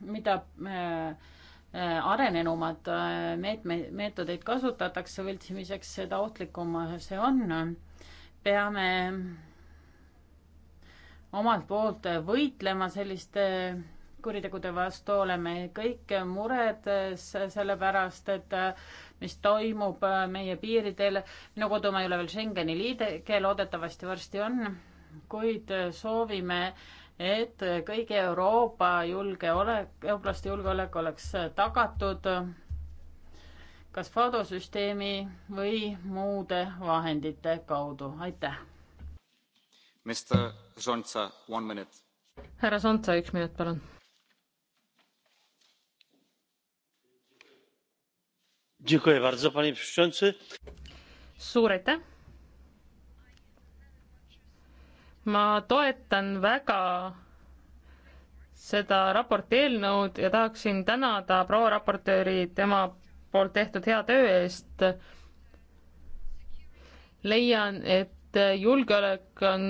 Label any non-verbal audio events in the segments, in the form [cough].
mida äh, äh, arenenumad äh, meetme, meetodeid kasutatakse võltsimiseks, seda ohtlikum see on. peame omalt poolt võitlema selliste kuritegude vastu, oleme kõik mured selle pärast, et mis toimub meie piiridel. minu kodumaa ei ole veel Schengeni liige, loodetavasti varsti on, kuid soovime äh, et kõigi Euroopa julgeolek, eurooplaste julgeolek oleks tagatud kas FADO süsteemi või muude vahendite kaudu, aitäh. härra Sontsa, üks minut, palun. suur aitäh ma toetan väga seda raporti eelnõud ja tahaksin tänada proua raportööri tema poolt tehtud hea töö eest. leian, et julgeolek on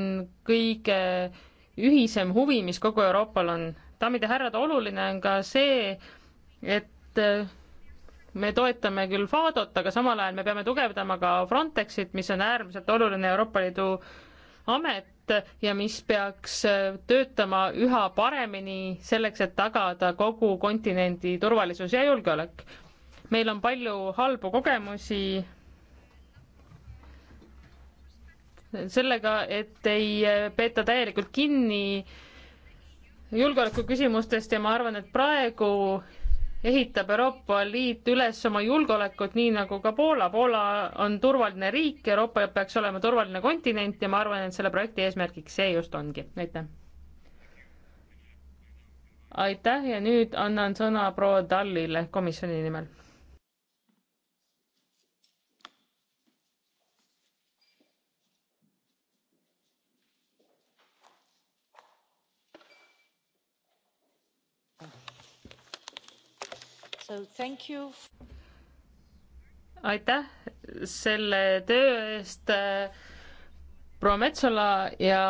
kõige ühisem huvi, mis kogu Euroopal on. daamid ja härrad, oluline on ka see, et me toetame küll FADO-t, aga samal ajal me peame tugevdama ka Frontexit, mis on äärmiselt oluline Euroopa Liidu amet, ja mis peaks äh, töötama üha paremini selleks, et tagada kogu kontinendi turvalisus ja julgeolek. meil on palju halbu kogemusi sellega, et ei äh, peeta täielikult kinni julgeolekuküsimustest ja ma arvan, et praegu ehitab Euroopa Liit üles oma julgeolekut, nii nagu ka Poola. Poola on turvaline riik, Euroopa peaks olema turvaline kontinent ja ma arvan, et selle projekti eesmärgiks see just ongi. aitäh! aitäh ja nüüd annan sõna proua Tallile komisjoni nimel aitäh selle töö eest äh,, proua Metsola ja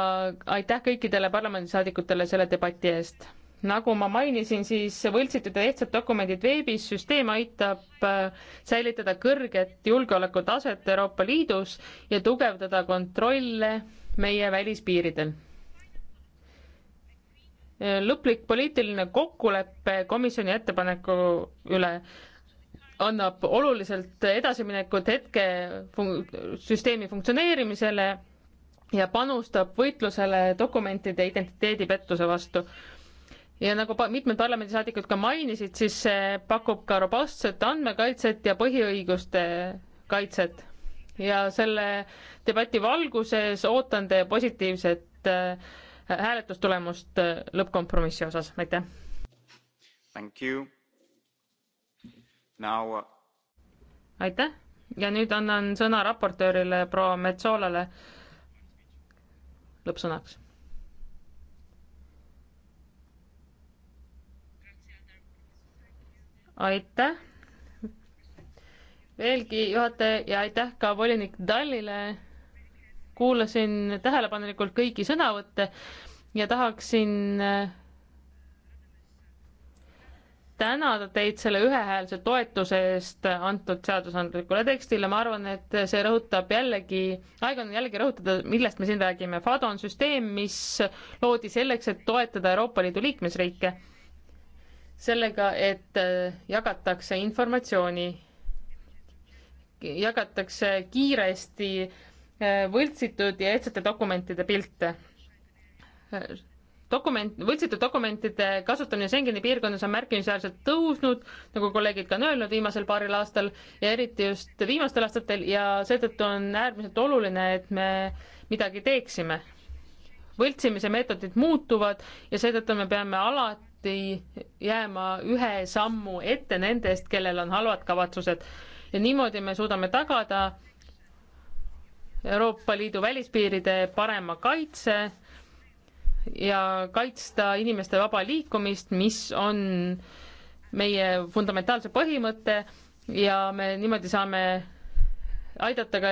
aitäh kõikidele parlamendisaadikutele selle debati eest. nagu ma mainisin, siis võltsitud ja ehtsad dokumendid veebis, süsteem aitab äh, säilitada kõrget julgeolekutaset Euroopa Liidus ja tugevdada kontrolle meie välispiiridel lõplik poliitiline kokkulepe komisjoni ettepaneku üle annab oluliselt edasiminekut hetke fun süsteemi funktsioneerimisele ja panustab võitlusele dokumentide identiteedipettuse vastu. ja nagu pa mitmed parlamendisaadikud ka mainisid, siis see pakub ka robustset andmekaitset ja põhiõiguste kaitset. ja selle debati valguses ootan teie positiivset äh, hääletustulemust äh, lõppkompromissi osas, aitäh. Now... Uh, aitäh ja nüüd annan sõna raportöörile proua Metsolale lõppsõnaks. aitäh veelgi juhataja ja aitäh ka volinik Dallile kuulasin tähelepanelikult kõiki sõnavõtte ja tahaksin äh, tänada teid selle ühehäälse toetuse eest antud seadusandlikule tekstile, ma arvan, et see rõhutab jällegi, aeg on jällegi rõhutada, millest me siin räägime. FADO on süsteem, mis loodi selleks, et toetada Euroopa Liidu liikmesriike sellega, et äh, jagatakse informatsiooni, jagatakse kiiresti võltsitud ja ehtsate dokumentide pilte. dokument, võltsitud dokumentide kasutamine Schengeni piirkonnas on märkimisväärselt tõusnud, nagu kolleegid ka on öelnud viimasel paaril aastal ja eriti just viimastel aastatel ja seetõttu on äärmiselt oluline, et me midagi teeksime. võltsimise meetodid muutuvad ja seetõttu me peame alati jääma ühe sammu ette nendest, kellel on halvad kavatsused ja niimoodi me suudame tagada, Euroopa Liidu välispiiride parema kaitse ja kaitsta inimeste vaba liikumist, mis on meie fundamentaalse põhimõte ja me niimoodi saame aidata ka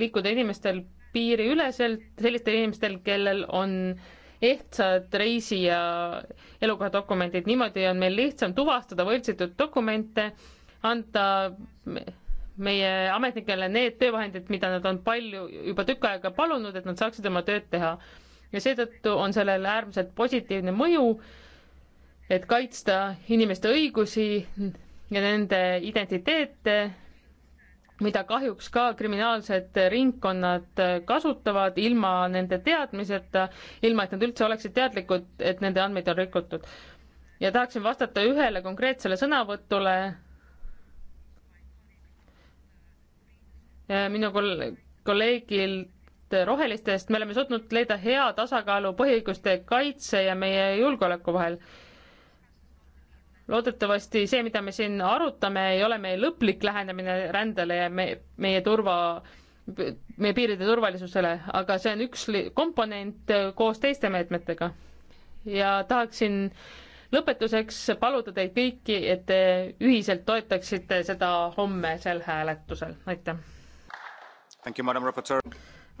liikuda inimestel piiriüleselt, sellistel inimestel, kellel on ehtsad reisi- ja elukohadokumendid, niimoodi on meil lihtsam tuvastada võltsitud dokumente, anda meie ametnikele need töövahendid, mida nad on palju, juba tükk aega palunud, et nad saaksid oma tööd teha. ja seetõttu on sellel äärmiselt positiivne mõju, et kaitsta inimeste õigusi ja nende identiteete, mida kahjuks ka kriminaalsed ringkonnad kasutavad ilma nende teadmiseta, ilma et nad üldse oleksid teadlikud, et nende andmeid on rikutud. ja tahaksin vastata ühele konkreetsele sõnavõtule Äh, minu kolleegilt rohelistest, me oleme suutnud leida hea tasakaalu põhiõiguste kaitse ja meie julgeoleku vahel. loodetavasti see, mida me siin arutame, ei ole meie lõplik lähenemine rändele ja me, meie turva meie piiride turvalisusele, aga see on üks komponent koos teiste meetmetega. ja tahaksin lõpetuseks paluda teid kõiki, et te ühiselt toetaksite seda homme sel hääletusel, aitäh!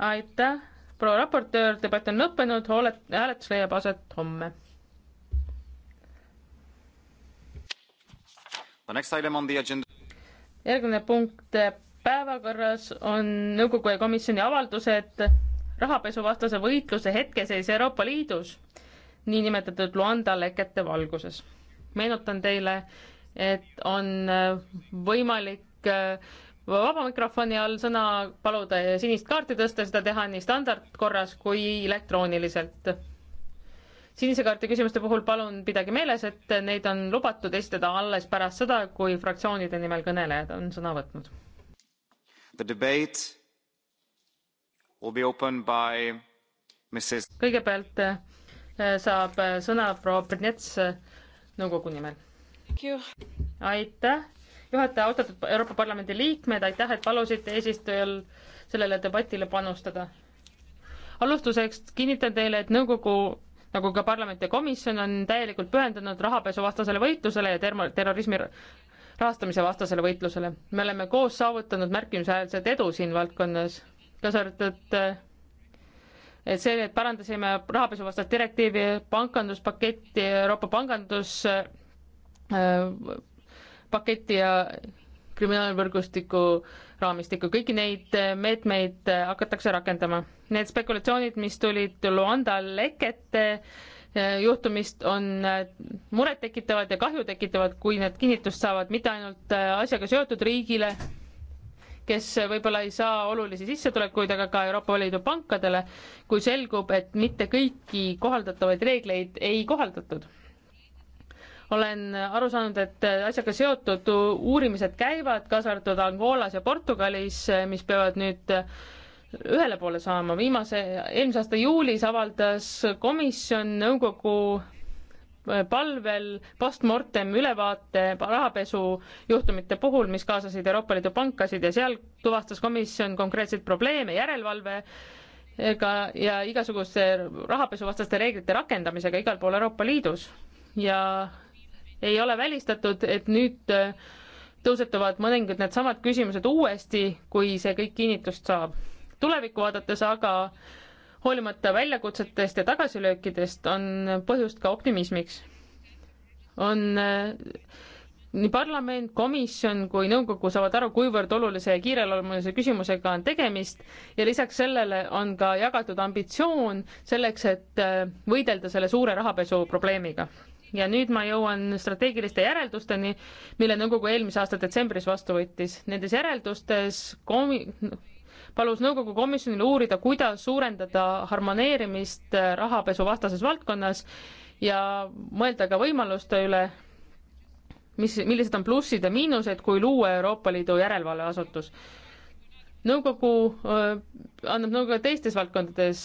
aitäh, proua raportöör, debatt on lõppenud, hääletus leiab aset homme. järgmine punkt päevakorras on nõukogu ja komisjoni avaldused rahapesuvastase võitluse hetkeseis Euroopa Liidus, niinimetatud Luanda lekete valguses. meenutan teile, et on võimalik vaba mikrofoni all sõna paluda ja sinist kaarti tõsta, seda teha nii standardkorras kui elektrooniliselt. sinise kaarti küsimuste puhul palun pidage meeles, et neid on lubatud esitada alles pärast seda, kui fraktsioonide nimel kõnelejad on sõna võtnud. The debate will be opened by Mrs. kõigepealt eh, saab eh, sõna proua Brnets eh, nõukogu nimel. aitäh juhataja, austatud Euroopa Parlamendi liikmed, aitäh, et palusite eesistujal sellele debatile panustada. alustuseks kinnitan teile, et nõukogu nagu ka parlament ja komisjon on täielikult pühendunud rahapesuvastasele võitlusele ja termo-, terrorismi rahastamise vastasele võitlusele. me oleme koos saavutanud märkimisväärset edu siin valdkonnas, kaasa arvatud et see, et parandasime rahapesuvastast direktiivi, panganduspaketti, Euroopa pangandus äh, paketi ja kriminaalvõrgustiku raamistikku, kõiki neid meetmeid hakatakse rakendama. Need spekulatsioonid, mis tulid Luanda lekete eh, juhtumist, on eh, murettekitavad ja kahjutekitavad, kui need kinnitust saavad mitte ainult eh, asjaga seotud riigile, kes võib-olla ei saa olulisi sissetulekuid, aga ka Euroopa Liidu pankadele, kui selgub, et mitte kõiki kohaldatavaid reegleid ei kohaldatud olen aru saanud, et asjaga seotud uurimised käivad, kaasa arvatud Angolas ja Portugalis, mis peavad nüüd ühele poole saama. viimase, eelmise aasta juulis avaldas komisjon nõukogu palvel postmortem ülevaate rahapesujuhtumite puhul, mis kaasasid Euroopa Liidu pankasid ja seal tuvastas komisjon konkreetseid probleeme järelevalve ega ja igasuguste rahapesuvastaste reeglite rakendamisega igal pool Euroopa Liidus ja ei ole välistatud, et nüüd äh, tõusetuvad mõningad needsamad küsimused uuesti, kui see kõik kinnitust saab. tulevikku vaadates aga hoolimata väljakutsetest ja tagasilöökidest on põhjust ka optimismiks. on äh, nii parlament, komisjon kui nõukogu saavad aru, kuivõrd olulise ja kiireloomulise küsimusega on tegemist ja lisaks sellele on ka jagatud ambitsioon selleks, et äh, võidelda selle suure rahapesu probleemiga ja nüüd ma jõuan strateegiliste järeldusteni, mille nõukogu eelmise aasta detsembris vastu võttis. Nendes järeldustes komi-, palus nõukogu komisjonil uurida, kuidas suurendada harmoneerimist rahapesuvastases valdkonnas ja mõelda ka võimaluste üle, mis, millised on plussid ja miinused, kui luua Euroopa Liidu järelevalveasutus. nõukogu öö, annab nõu ka teistes valdkondades,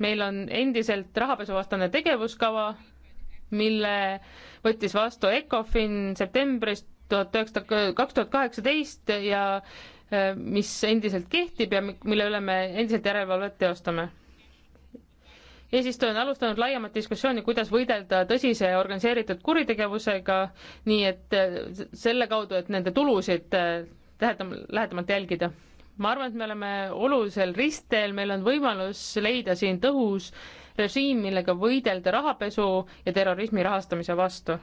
meil on endiselt rahapesuvastane tegevuskava, mille võttis vastu ECOFIN septembris tuhat üheksasada, kaks tuhat kaheksateist ja äh, mis endiselt kehtib ja mille üle me endiselt järelevalvet teostame. eesistuja on alustanud laiemat diskussiooni, kuidas võidelda tõsise organiseeritud kuritegevusega, nii et äh, selle kaudu, et nende tulusid täheldam-, äh, lähedamalt jälgida. ma arvan, et me oleme olulisel ristteel, meil on võimalus leida siin tõhus režiim, millega võidelda rahapesu ja terrorismi rahastamise vastu.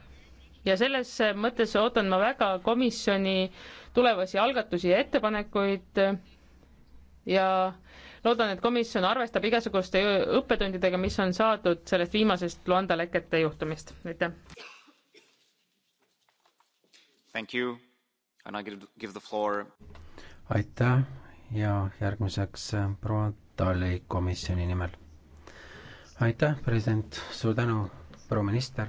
ja selles mõttes ootan ma väga komisjoni tulevasi algatusi ja ettepanekuid ja loodan, et komisjon arvestab igasuguste õppetundidega, mis on saadud sellest viimasest Luanda lekete juhtumist, aitäh. Thank you and I give, give the floor. aitäh ja järgmiseks äh, proua Tali komisjoni nimel aitäh, president, suur tänu, proua minister,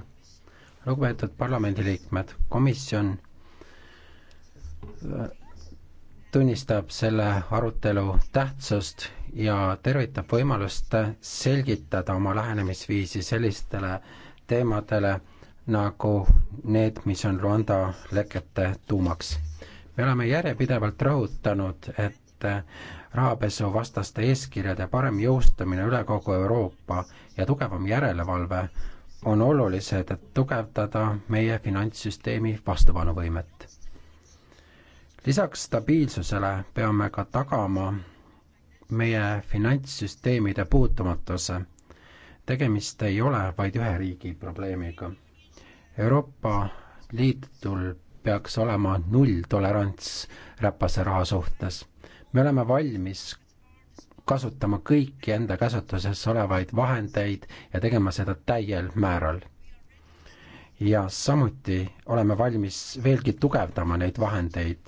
lugupeetud parlamendiliikmed, komisjon äh, tunnistab selle arutelu tähtsust ja tervitab võimalust selgitada oma lähenemisviisi sellistele teemadele nagu need, mis on Rwanda lekete tuumaks. me oleme järjepidevalt rõhutanud, et rahapesuvastaste eeskirjade parem jõustamine üle kogu Euroopa ja tugevam järelevalve on olulised, et tugevdada meie finantssüsteemi vastupanuvõimet. lisaks stabiilsusele peame ka tagama meie finantssüsteemide puutumatuse. tegemist ei ole vaid ühe riigi probleemiga. Euroopa Liidul peaks olema nulltolerants räpase raha suhtes. me oleme valmis kasutama kõiki enda käsutuses olevaid vahendeid ja tegema seda täiel määral. ja samuti oleme valmis veelgi tugevdama neid vahendeid.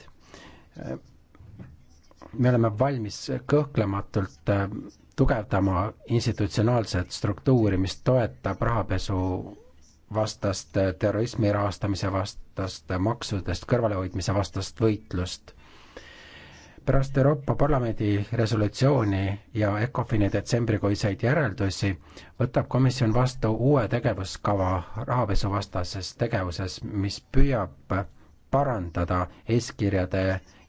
me oleme valmis kõhklematult äh, tugevdama institutsionaalset struktuuri, mis toetab rahapesu vastast, äh, terrorismi rahastamise vastast, äh, maksudest kõrvalehoidmise vastast võitlust pärast Euroopa Parlamendi resolutsiooni ja ECOFIN-i detsembrikuiseid järeldusi võtab komisjon vastu uue tegevuskava rahapesuvastases tegevuses, mis püüab parandada eeskirjade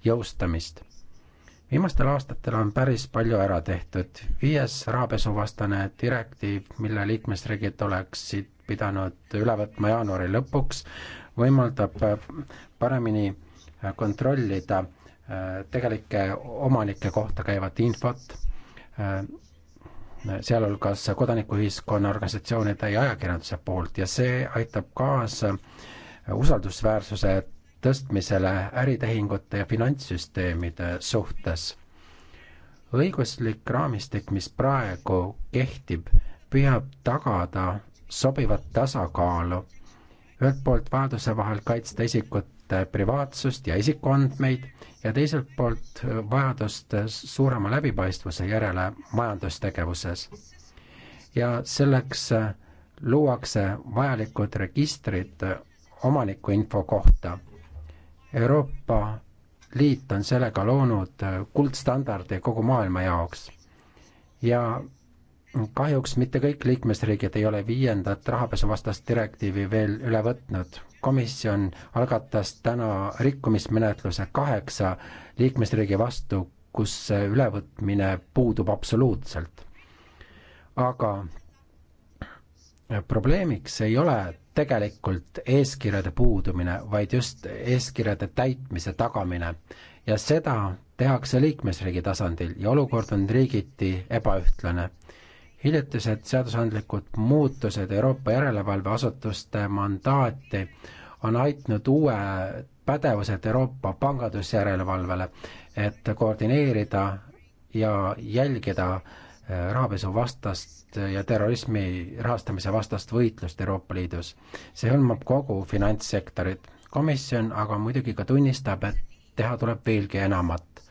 jõustamist. viimastel aastatel on päris palju ära tehtud, viies rahapesuvastane direktiiv, mille liikmesriigid oleksid pidanud üle võtma jaanuari lõpuks, võimaldab paremini kontrollida Äh, tegelike omanike kohta käivat infot, äh, sealhulgas kodanikuühiskonna organisatsioonide ja ajakirjanduse poolt ja see aitab kaasa usaldusväärsuse tõstmisele äritehingute ja finantssüsteemide suhtes. õiguslik raamistik, mis praegu kehtib, püüab tagada sobivat tasakaalu ühelt poolt vajaduse vahel kaitsta isikut Äh, privaatsust ja isikuandmeid ja teiselt poolt äh, vajadust äh, suurema läbipaistvuse järele majandustegevuses. ja selleks luuakse vajalikud registrid omanikuinfo kohta. Euroopa Liit on sellega loonud kuldstandardi kogu maailma jaoks ja kahjuks mitte kõik liikmesriigid ei ole viiendat rahapesuvastast direktiivi veel üle võtnud. komisjon algatas täna rikkumismenetluse kaheksa liikmesriigi vastu, kus ülevõtmine puudub absoluutselt. aga probleemiks ei ole tegelikult eeskirjade puudumine, vaid just eeskirjade täitmise tagamine ja seda tehakse liikmesriigi tasandil ja olukord on riigiti ebaühtlane hiljutised seadusandlikud muutused Euroopa järelevalveasutuste mandaati on aitnud uue pädevused Euroopa pangandusjärelevalvele, et koordineerida ja jälgida äh, rahapesuvastast ja terrorismi rahastamise vastast võitlust Euroopa Liidus. see hõlmab kogu finantssektorit. komisjon aga muidugi ka tunnistab, et teha tuleb veelgi enamat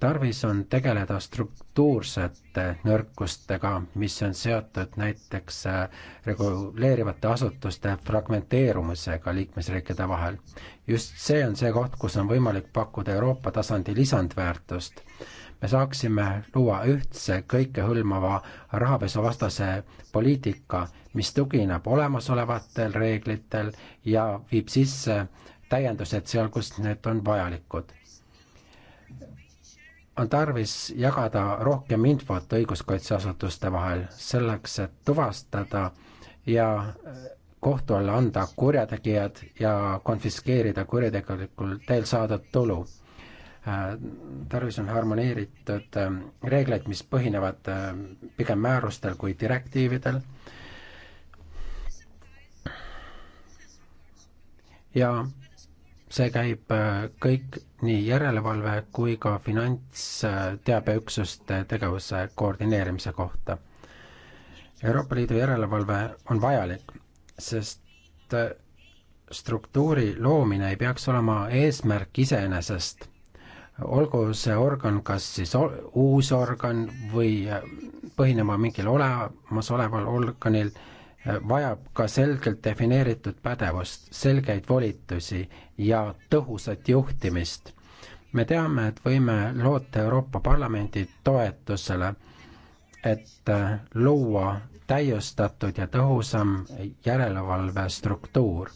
tarvis on tegeleda struktuursete nõrkustega, mis on seotud näiteks äh, reguleerivate asutuste fragmenteerumisega liikmesriikide vahel. just see on see koht, kus on võimalik pakkuda Euroopa tasandi lisandväärtust. me saaksime luua ühtse kõikehõlmava rahapesuvastase poliitika, mis tugineb olemasolevatel reeglitel ja viib sisse täiendused seal, kus need on vajalikud on tarvis jagada rohkem infot õiguskaitseasutuste vahel selleks, et tuvastada ja äh, kohtu alla anda kurjategijad ja konfiskeerida kuritegelikul teel saadud tulu. Äh, tarvis on harmoneeritud äh, reegleid, mis põhinevad pigem määrustel kui direktiividel. ja see käib äh, kõik nii järelevalve kui ka finantsteabeüksuste tegevuse koordineerimise kohta. Euroopa Liidu järelevalve on vajalik, sest äh, struktuuri loomine ei peaks olema eesmärk iseenesest, olgu see organ kas siis uus organ või äh, põhinema mingil olemasoleval organil vajab ka selgelt defineeritud pädevust, selgeid volitusi ja tõhusat juhtimist. me teame, et võime loota Euroopa Parlamendi toetusele, et äh, luua täiustatud ja tõhusam järelevalvestruktuur.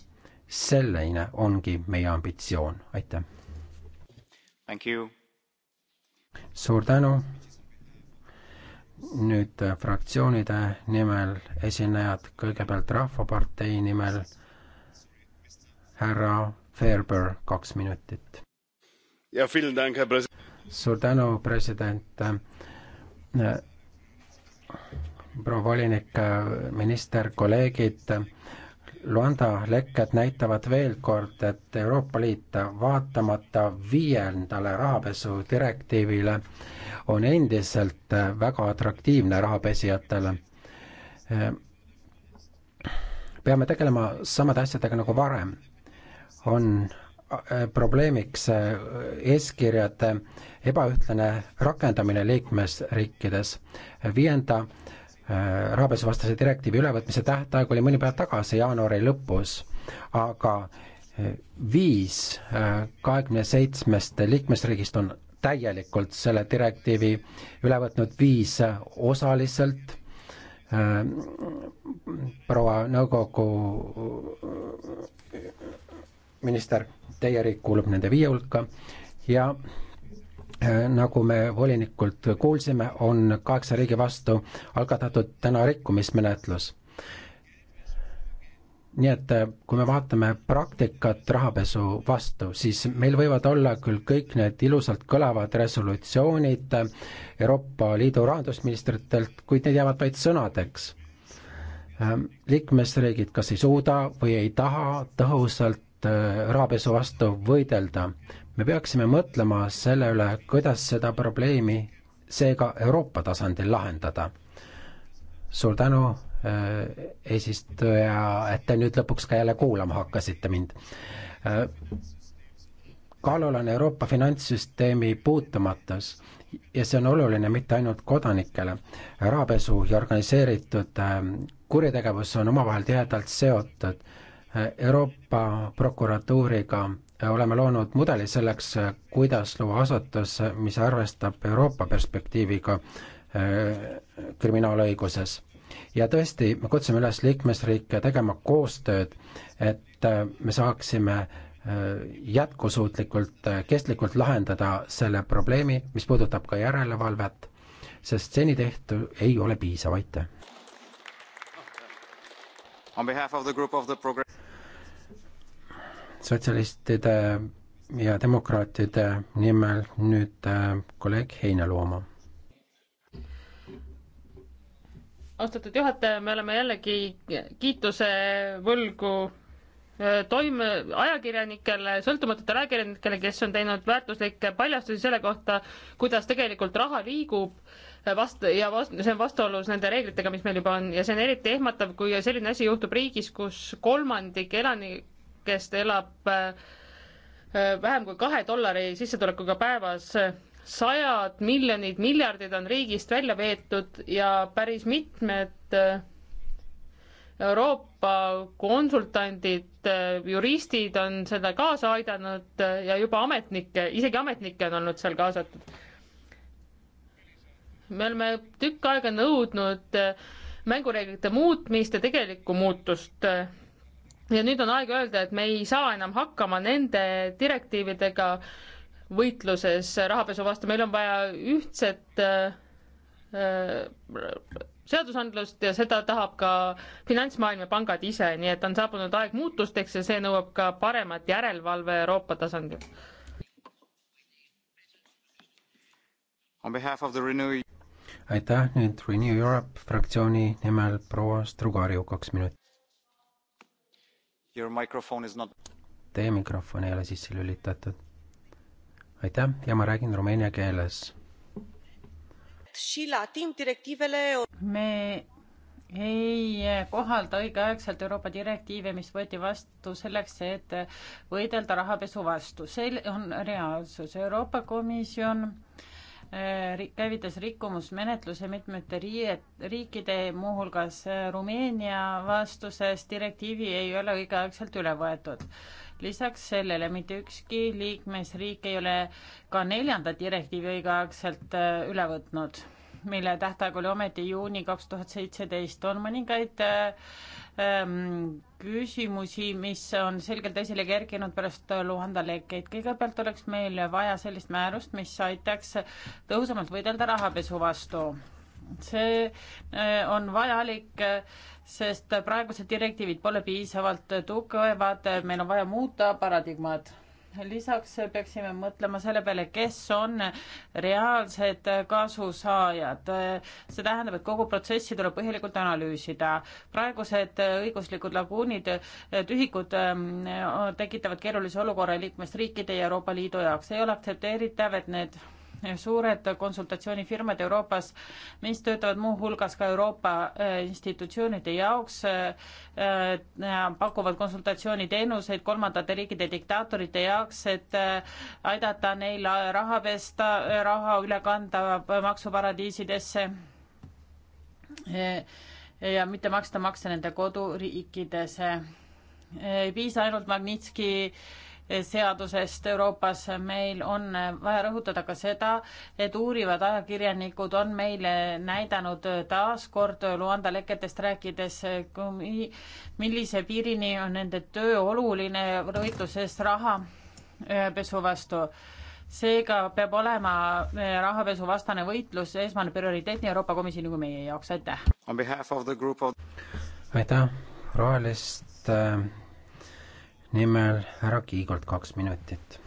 selline ongi meie ambitsioon, aitäh! suur tänu! nüüd äh, fraktsioonide nimel esinejad, kõigepealt Rahvapartei nimel härra Ferber, kaks minutit. suur tänu, president. Äh, äh, proua volinik, minister, kolleegid Luanda lekked näitavad veel kord, et Euroopa Liit vaatamata viiendale rahapesudirektiivile on endiselt väga atraktiivne rahapesijatele. peame tegelema samade asjadega nagu varem. on äh, probleemiks äh, eeskirjade ebaühtlane rakendamine liikmesriikides. viienda äh, rahapesuvastase direktiivi ülevõtmise tähtaeg oli mõni päev tagasi, jaanuari lõpus, aga eh, viis eh, kahekümne seitsmest liikmesriigist on täielikult selle direktiivi üle võtnud, viis osaliselt eh, proua nõukogu minister, teie riik kuulub nende viie hulka ja nagu me volinikult kuulsime, on kaheksa riigi vastu algatatud täna rikkumismenetlus. nii et äh, kui me vaatame praktikat rahapesu vastu, siis meil võivad olla küll kõik need ilusalt kõlavad resolutsioonid äh, Euroopa Liidu rahandusministritelt, kuid need jäävad vaid sõnadeks. Äh, liikmesriigid kas ei suuda või ei taha tõhusalt rahapesu vastu võidelda me peaksime mõtlema selle üle, kuidas seda probleemi seega Euroopa tasandil lahendada. suur tänu, äh, eesistuja, et te nüüd lõpuks ka jälle kuulama hakkasite mind. Äh, kaalul on Euroopa finantssüsteemi puutumatus ja see on oluline mitte ainult kodanikele. rahapesu ja organiseeritud äh, kuritegevus on omavahel tihedalt seotud. Euroopa prokuratuuriga oleme loonud mudeli selleks, kuidas luua asutus, mis arvestab Euroopa perspektiiviga äh, kriminaalõiguses. ja tõesti, me kutsume üles liikmesriike tegema koostööd, et äh, me saaksime äh, jätkusuutlikult, kestlikult lahendada selle probleemi, mis puudutab ka järelevalvet, sest seni tehtu ei ole piisav, aitäh! sotsialistide ja demokraatide nimel nüüd äh, kolleeg Heinaluoma. austatud juhataja, me oleme jällegi kiituse võlgu äh, toime, ajakirjanikele, sõltumatutele ajakirjanikele, kes on teinud väärtuslikke paljastusi selle kohta, kuidas tegelikult raha liigub äh, vast- ja vast-, see on vastuolus nende reeglitega, mis meil juba on ja see on eriti ehmatav, kui selline asi juhtub riigis, kus kolmandik elanik kes elab äh, äh, vähem kui kahe dollari sissetulekuga päevas, sajad miljonid, miljardid on riigist välja veetud ja päris mitmed äh, Euroopa konsultandid, juristid on seda kaasa aidanud ja juba ametnikke, isegi ametnikke on olnud seal kaasatud. me oleme tükk aega nõudnud mängureeglite muutmist ja tegelikku muutust ja nüüd on aeg öelda, et me ei saa enam hakkama nende direktiividega võitluses rahapesu vastu, meil on vaja ühtset äh, äh seadusandlust ja seda tahab ka finantsmaailm ja pangad ise, nii et on saabunud aeg muutusteks ja see nõuab ka paremat järelevalve Euroopa tasandil. aitäh nüüd Renew Europe fraktsiooni nimel proua Strugariu, kaks minutit Your microphone is not Teie mikrofon ei ole sisse lülitatud. aitäh ja ma räägin rumeenia keeles. me ei kohalda õigeaegselt Euroopa direktiive, mis võeti vastu selleks, et võidelda rahapesu vastu. see on reaalsus. Euroopa Komisjon äh, Äh, käivitas rikkumusmenetluse mitmete riiet, riikide, muuhulgas äh, Rumeenia vastu, sest direktiivi ei ole õigeaegselt üle võetud. lisaks sellele mitte ükski liikmesriik ei ole ka neljanda direktiivi õigeaegselt äh, üle võtnud mille tähtaeg oli ometi juuni kaks tuhat seitseteist, on mõningaid äh, ähm, küsimusi, mis on selgelt esile kerkinud pärast Luhanda lekkeid. kõigepealt oleks meil vaja sellist määrust, mis aitaks tõhusamalt võidelda rahapesu vastu see äh, on vajalik, sest praegused direktiivid pole piisavalt tugevad, meil on vaja muuta paradigmat lisaks peaksime mõtlema selle peale, kes on reaalsed kasusaajad. see tähendab, et kogu protsessi tuleb põhjalikult analüüsida. praegused õiguslikud laguunid, tühikud ähm, tekitavad keerulise olukorra liikmesriikide ja Euroopa Liidu jaoks. ei ole aktsepteeritav, et need suured konsultatsioonifirmad Euroopas, mis töötavad muuhulgas ka Euroopa äh, institutsioonide jaoks, äh, äh, pakuvad konsultatsiooniteenuseid kolmandate riikide diktaatorite jaoks, et aidata neil raha pesta, raha üle kanda maksuparadiisidesse ja mitte maksta makse nende koduriikides. ei piisa ainult Magnitski seadusest Euroopas. meil on vaja rõhutada ka seda, et uurivad ajakirjanikud on meile näidanud taaskord Luanda leketest rääkides, millise piirini on nende töö oluline võitluses rahapesu äh, vastu seega peab olema äh, rahapesuvastane võitlus esmane prioriteet nii Euroopa Komisjoni kui meie jaoks, aitäh! aitäh, roheliste äh, nimel härra Kiigolt kaks minutit.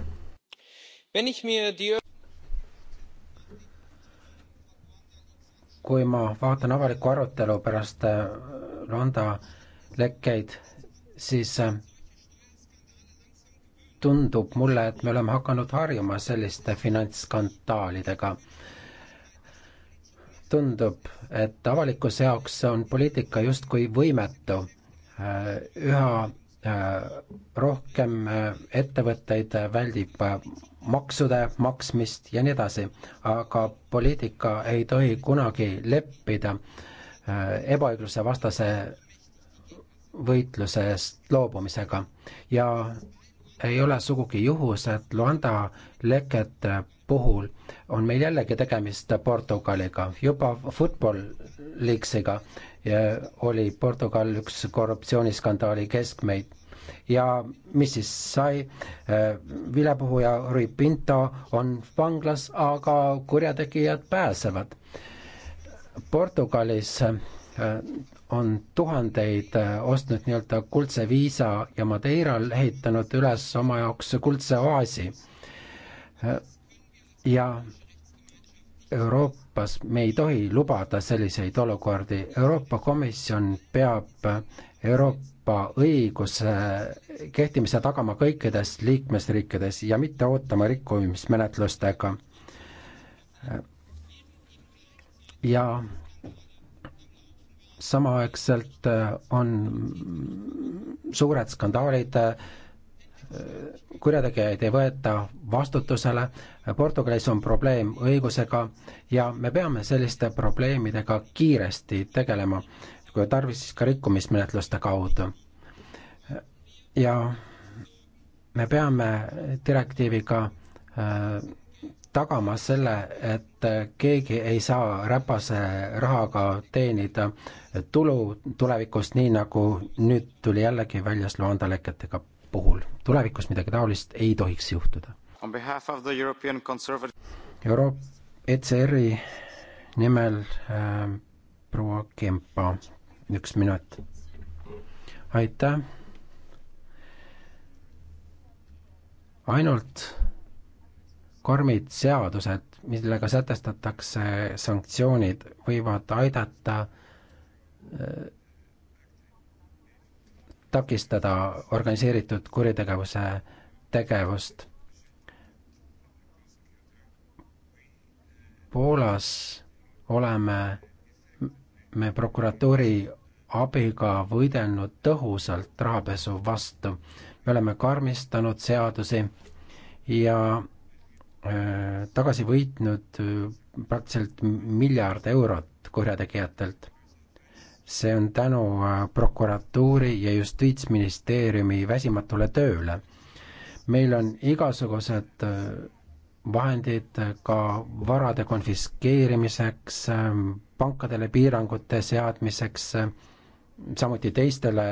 kui ma vaatan avalikku arutelu pärast äh, Rwanda lekkeid, siis äh, tundub mulle, et me oleme hakanud harjuma selliste finantsskandaalidega. tundub, et avalikkuse jaoks on poliitika justkui võimetu. Äh, üha rohkem äh, ettevõtteid äh, väldib äh, maksude maksmist ja nii edasi, aga poliitika ei tohi kunagi leppida ebaõigluse vastase võitlusest loobumisega ja ei ole sugugi juhus, et Luanda leket puhul on meil jällegi tegemist Portugaliga, juba Football League'iga oli Portugal üks korruptsiooniskandaali keskmeid. ja mis siis sai, äh, vilepuhuja Rui Pinto on vanglas, aga kurjategijad pääsevad. Portugalis äh, on tuhandeid äh, ostnud nii-öelda kuldse viisa ja Madeiral ehitanud üles oma jaoks kuldse oaasi. ja Euroopa Euroopas me ei tohi lubada selliseid olukordi, Euroopa Komisjon peab Euroopa õiguse kehtimise tagama kõikides liikmesriikides ja mitte ootama rikkumismenetlustega. ja samaaegselt on suured skandaalid äh, kurjategijaid ei võeta vastutusele, Portugalis on probleem õigusega ja me peame selliste probleemidega kiiresti tegelema, kui tarvis, siis ka rikkumismenetluste kaudu. ja me peame direktiiviga äh, tagama selle, et keegi ei saa räpase rahaga teenida tulu tulevikus, nii nagu nüüd tuli jällegi välja Slovanda leketega puhul tulevikus midagi taolist ei tohiks juhtuda. Euro-, ECR-i nimel äh, proua Kempa, üks minut. aitäh. ainult karmid seadused, millega sätestatakse sanktsioonid, võivad aidata äh, takistada organiseeritud kuritegevuse tegevust. Poolas oleme me prokuratuuri abiga võidelnud tõhusalt rahapesu vastu. me oleme karmistanud seadusi ja äh, tagasi võitnud äh, praktiliselt miljard eurot kurjategijatelt see on tänu äh, prokuratuuri ja Justiitsministeeriumi väsimatule tööle. meil on igasugused äh, vahendid äh, ka varade konfiskeerimiseks, pankadele piirangute seadmiseks, samuti teistele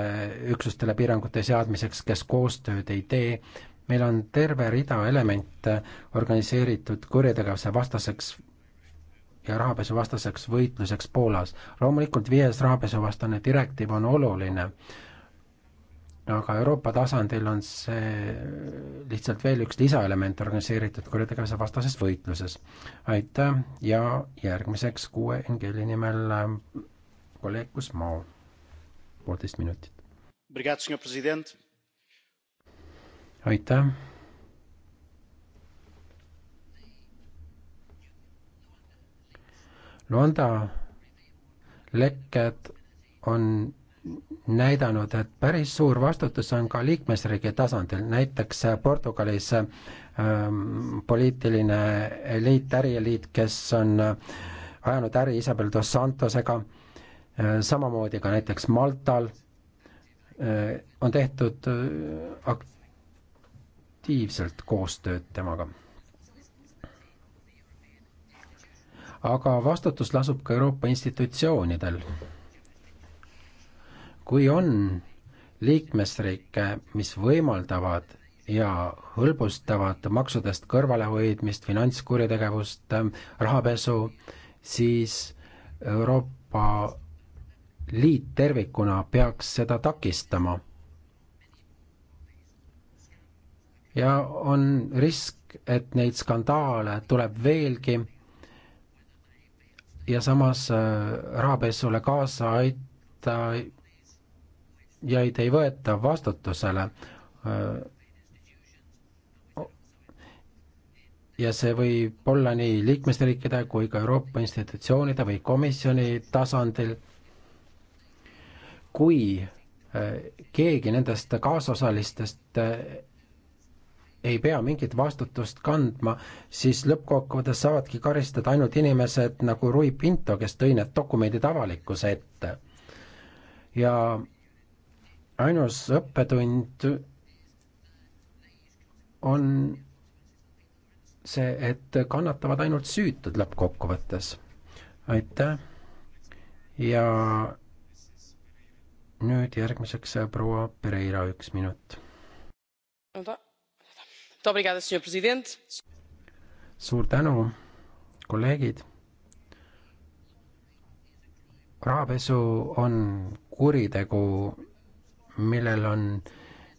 üksustele piirangute seadmiseks, kes koostööd ei tee, meil on terve rida elemente organiseeritud kuritegevuse vastaseks ja rahapesuvastaseks võitluseks Poolas. loomulikult viies rahapesuvastane direktiiv on oluline, aga Euroopa tasandil on see lihtsalt veel üks lisaelement organiseeritud kuritegevuse vastases võitluses. aitäh ja järgmiseks kuue Engeli nimel ähm, kolleeg Kusmao, poolteist minutit. aitäh Luanda lekked on näidanud, et päris suur vastutus on ka liikmesriigi tasandil, näiteks Portugalis ähm, poliitiline eliit, ärieliit, kes on äh, ajanud äri Isabel dos Santosega äh,, samamoodi ka näiteks Maltal äh, on tehtud äh, aktiivselt koostööd temaga aga vastutus lasub ka Euroopa institutsioonidel. kui on liikmesriike, mis võimaldavad ja hõlbustavad maksudest kõrvalehoidmist, finantskuritegevust, rahapesu, siis Euroopa Liit tervikuna peaks seda takistama ja on risk, et neid skandaale tuleb veelgi ja samas äh, rahapesule kaasa aitajaid ei võeta vastutusele. Äh, ja see võib olla nii liikmesriikide kui ka Euroopa institutsioonide või komisjoni tasandil. kui äh, keegi nendest kaasosalistest ei pea mingit vastutust kandma, siis lõppkokkuvõttes saavadki karistada ainult inimesed nagu Rui Pinto, kes tõi need dokumendid avalikkuse ette. ja ainus õppetund on see, et kannatavad ainult süütud lõppkokkuvõttes. aitäh ja nüüd järgmiseks äh, proua Pereira, üks minut suur tänu, kolleegid. rahapesu on kuritegu, millel on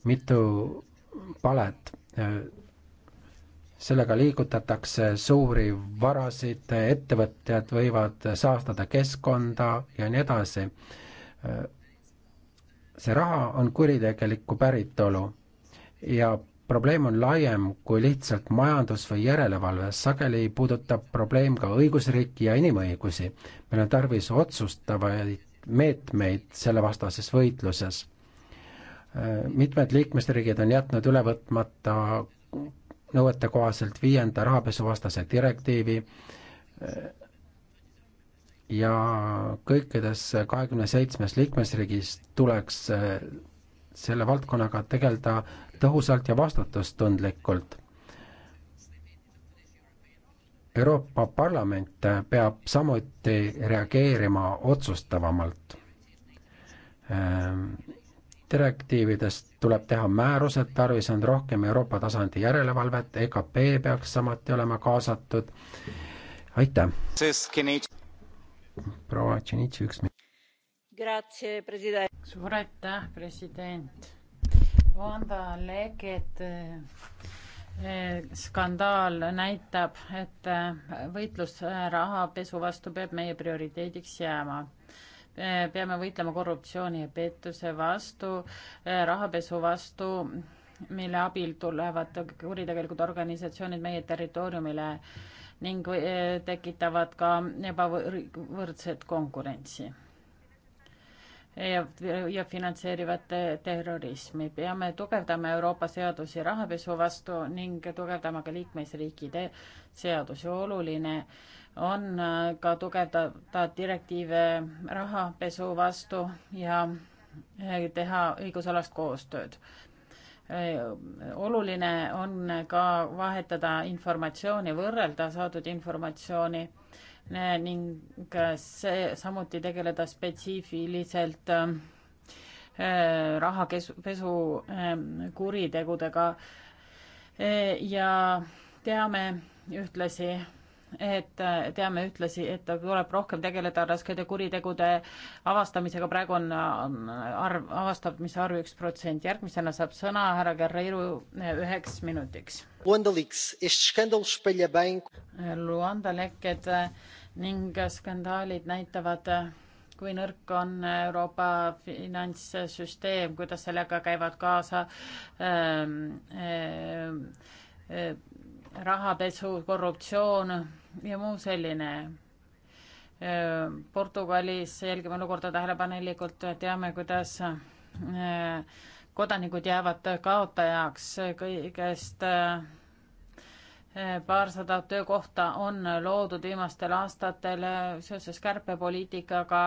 mitu palet sellega liigutatakse suuri varasid, ettevõtjad võivad saastada keskkonda ja nii edasi. see raha on kuritegelikku päritolu ja probleem on laiem kui lihtsalt majandus või järelevalve, sageli puudutab probleem ka õigusriiki ja inimõigusi. meil on tarvis otsustavaid meetmeid sellevastases võitluses. mitmed liikmesriigid on jätnud üle võtmata nõuetekohaselt viienda rahapesuvastase direktiivi ja kõikides kahekümne seitsmes liikmesriigis tuleks selle valdkonnaga tegeleda tõhusalt ja vastutustundlikult. Euroopa Parlament peab samuti reageerima otsustavamalt. Ähm, direktiividest tuleb teha määrused, tarvis on rohkem Euroopa tasandi järelevalvet, EKP peaks samuti olema kaasatud, aitäh! proua Tšenitši, üks minut. suur aitäh, president! Vanda Leget eh, skandaal näitab, et eh, võitlus eh, rahapesu vastu peab meie prioriteediks jääma. peame võitlema korruptsiooni ja pettuse vastu, rahapesu vastu, mille abil tulevad kuritegelikud organisatsioonid meie territooriumile ning tekitavad ka ebavõrdset konkurentsi ja, ja finantseerivad terrorismi. peame tugevdama Euroopa seadusi rahapesu vastu ning tugevdama ka liikmesriikide seadusi. oluline on äh, ka tugevdada direktiive rahapesu vastu ja äh, teha õigusalast koostööd. Äh, oluline on ka vahetada informatsiooni, võrrelda saadud informatsiooni Äh, ning äh, see samuti tegeleda spetsiifiliselt äh, rahapesu ähm, kuritegudega ja teame ühtlasi, et äh, teame ühtlasi, et tuleb rohkem tegeleda raskete kuritegude avastamisega, praegu on ähm, arv, avastamise arv üks protsent, järgmisena saab sõna härra Guerreiro äh, üheks minutiks. Äh, Luanda lekked ning skandaalid näitavad, kui nõrk on Euroopa finantssüsteem, kuidas sellega käivad kaasa ähm, äh, äh, rahapesu, korruptsioon ja muu selline. Äh, Portugalis jälgime olukorda tähelepanelikult, teame, kuidas äh, kodanikud jäävad kaotajaks kõigest äh, paarsada töökohta on loodud viimastel aastatel seoses kärpepoliitikaga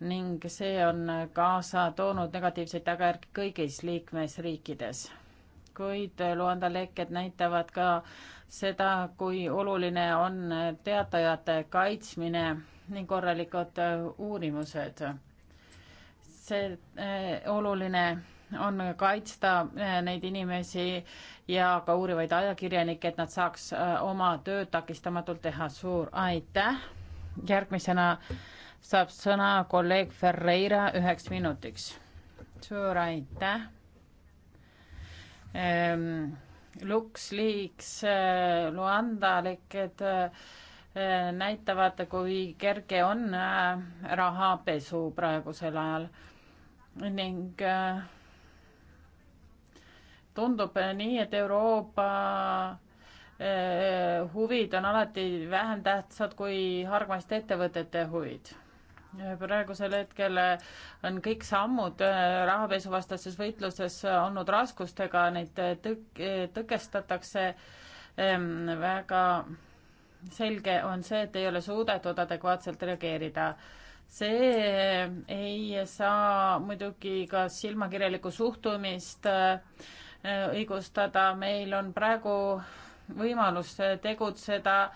ning see on kaasa toonud negatiivseid tagajärgi kõigis liikmesriikides. kuid loendaleked näitavad ka seda, kui oluline on teatajate kaitsmine ning korralikud äh, uurimused. see äh, oluline on kaitsta äh, neid inimesi ja ka uurivaid ajakirjanikke, et nad saaks oma tööd takistamatult teha. suur aitäh. järgmisena saab sõna kolleeg Ferreira üheks minutiks. suur aitäh ehm LuxLeaks, äh, Luanda lekked äh, näitavad, kui kerge on äh, rahapesu praegusel ajal ning tundub nii, et Euroopa huvid on alati vähem tähtsad kui hargmaiste ettevõtete huvid praegusel hetkel eh, on kõik sammud eh, rahapesuvastases võitluses olnud raskustega, neid eh, tõk-, tõkestatakse ehm, väga selge on see, et ei ole suudetud adekvaatselt reageerida. see ei saa muidugi ka silmakirjalikku suhtumist õigustada, meil on praegu võimalus tegutseda äh,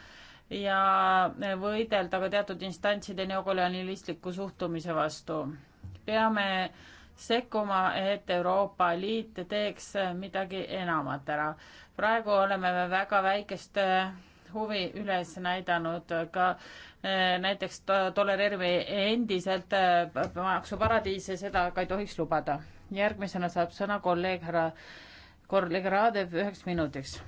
ja võidelda ka teatud instantside neokolonialistliku suhtumise vastu. peame sekkuma, et Euroopa Liit teeks midagi enamat ära. praegu oleme me väga väikest huvi üles näidanud ka eh, näiteks tolereerime endiselt eh, maksuparadiise, seda ka ei tohiks lubada. järgmisena saab sõna kolleeg härra Korlegradev üheks minutiks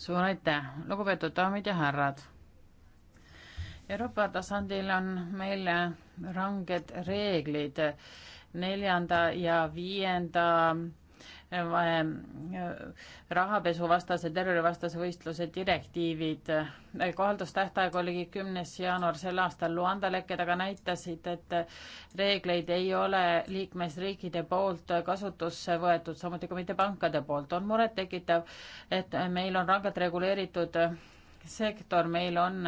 suur aitäh, lugupeetud daamid ja härrad. Euroopa tasandil on meil ranged reeglid neljanda ja viienda Äh, rahapesuvastase, terrorivastase võistluse direktiivid. Äh, kohaldustähtaeg oli kümnes jaanuar sel aastal. Luanda lekked aga näitasid, et äh, reegleid ei ole liikmesriikide poolt kasutusse võetud, samuti ka mitte pankade poolt. on murettekitav, et meil on rangelt reguleeritud sektor, meil on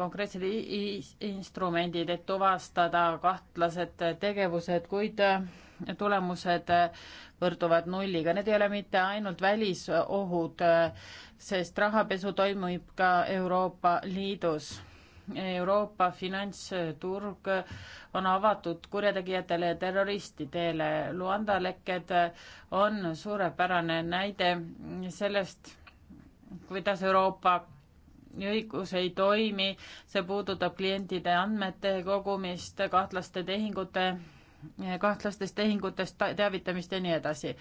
konkreetsed instrumendid, et tuvastada kahtlased tegevused, kuid tulemused äh, võrduvad nulliga. Need ei ole mitte ainult välisohud, äh, sest rahapesu toimub ka Euroopa Liidus. Euroopa finantsturg on avatud kurjategijatele ja terroristidele. Luanda lekked on suurepärane näide sellest, kuidas Euroopa õigus ei toimi, see puudutab klientide andmete kogumist, kahtlaste tehingute kahtlastest tehingutest teavitamist ja nii edasi.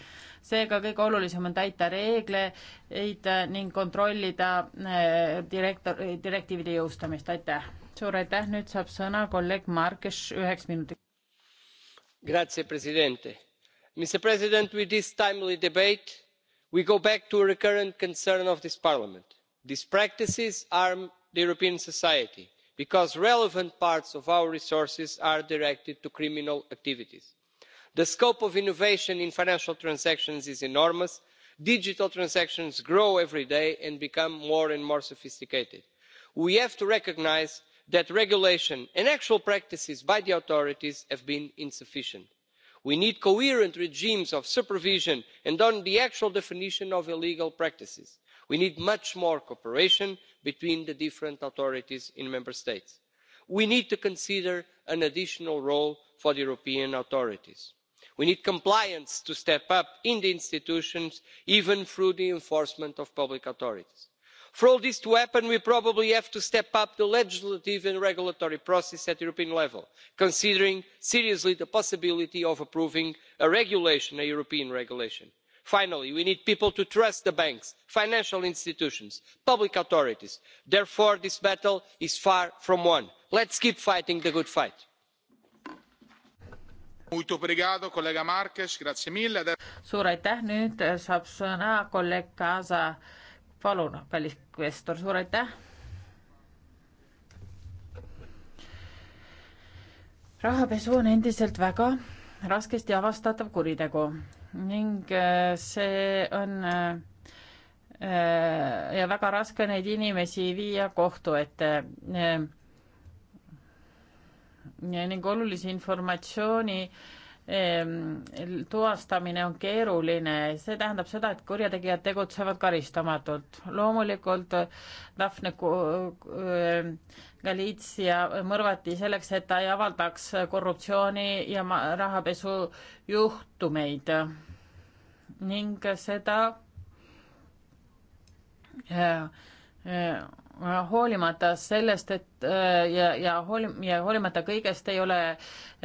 seega kõige olulisem on täita reegleid ning kontrollida äh, direktor, direktiivide jõustamist, aitäh. suur aitäh, nüüd saab sõna kolleeg Markes üheks minutiks. Grazie presidente. Mr president, with this timely debate we go back to a recurrent concern of this parliament. these practices harm the european society because relevant parts of our resources are directed to criminal activities. the scope of innovation in financial transactions is enormous. digital transactions grow every day and become more and more sophisticated. we have to recognise that regulation and actual practices by the authorities have been insufficient. we need coherent regimes of supervision and on the actual definition of illegal practices. we need much more cooperation between the different authorities in member states. we need to consider an additional role for the european authorities. we need compliance to step up in the institutions even through the enforcement of public authorities. for all this to happen we probably have to step up the legislative and regulatory process at european level considering seriously the possibility of approving a regulation a european regulation finally we need people to trust the banks financial institutions and public authorities. therefore this battle is far from won. let's keep fighting the good fight. suur aitäh nüüd äh, saab sõna kolleeg kaasa palun väliskvestor suur aitäh. rahapesu on endiselt väga raskesti avastatav kuritegu ning äh, see on äh, äh, ja väga raske neid inimesi viia kohtu ette. ning olulise informatsiooni äh, tuvastamine on keeruline, see tähendab seda, et kurjategijad tegutsevad karistamatult. loomulikult äh, Daphne ähm, Galizia mõrvati selleks, et ta ei avaldaks korruptsiooni ja rahapesu juhtumeid ning seda ja, äh, ja äh, Äh, hoolimata sellest, et äh, ja, ja hoolim-, ja hoolimata kõigest ei ole,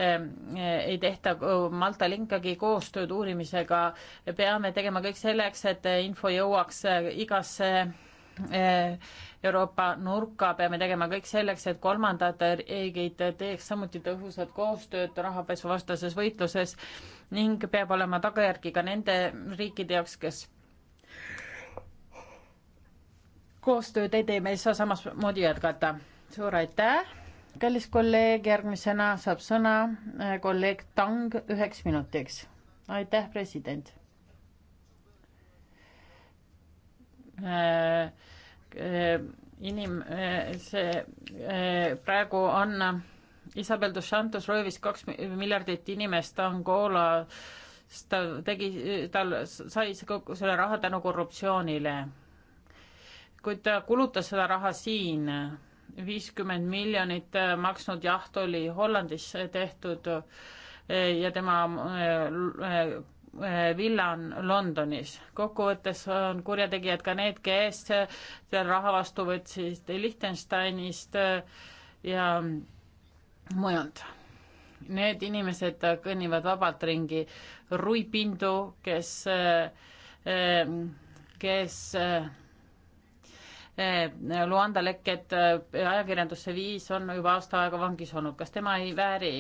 ähm, äh, ei tehta Maltal ikkagi koostööd uurimisega, peame tegema kõik selleks, et info jõuaks igasse Euroopa nurka, peame tegema kõik selleks, et kolmandad riigid teeks samuti tõhusat koostööd rahapesuvastases võitluses ning peab olema tagajärgi ka nende riikide jaoks, kes koostööd ei tee, me ei saa samasmoodi jätkata. suur aitäh, kallis kolleeg, järgmisena saab sõna äh, kolleeg Tang üheks minutiks. aitäh, president. Äh, äh, inim-, see praegu on Isabel dos Santos röövis kaks miljardit inimest Angola, ta tegi, tal sai kogu selle raha tänu korruptsioonile kuid ta äh, kulutas seda raha siin. viiskümmend miljonit äh, maksnud jaht oli Hollandis äh, tehtud ja tema villa on Londonis. kokkuvõttes on kurjategijad ka need, kes selle raha vastu võtsid Liechtensteinist ja mujalt. Need inimesed kõnnivad vabalt ringi, ruipindu, kes, kes Eh, Luanda lekket eh, ajakirjandusse viis, on juba aasta aega vangis olnud, kas tema ei vääri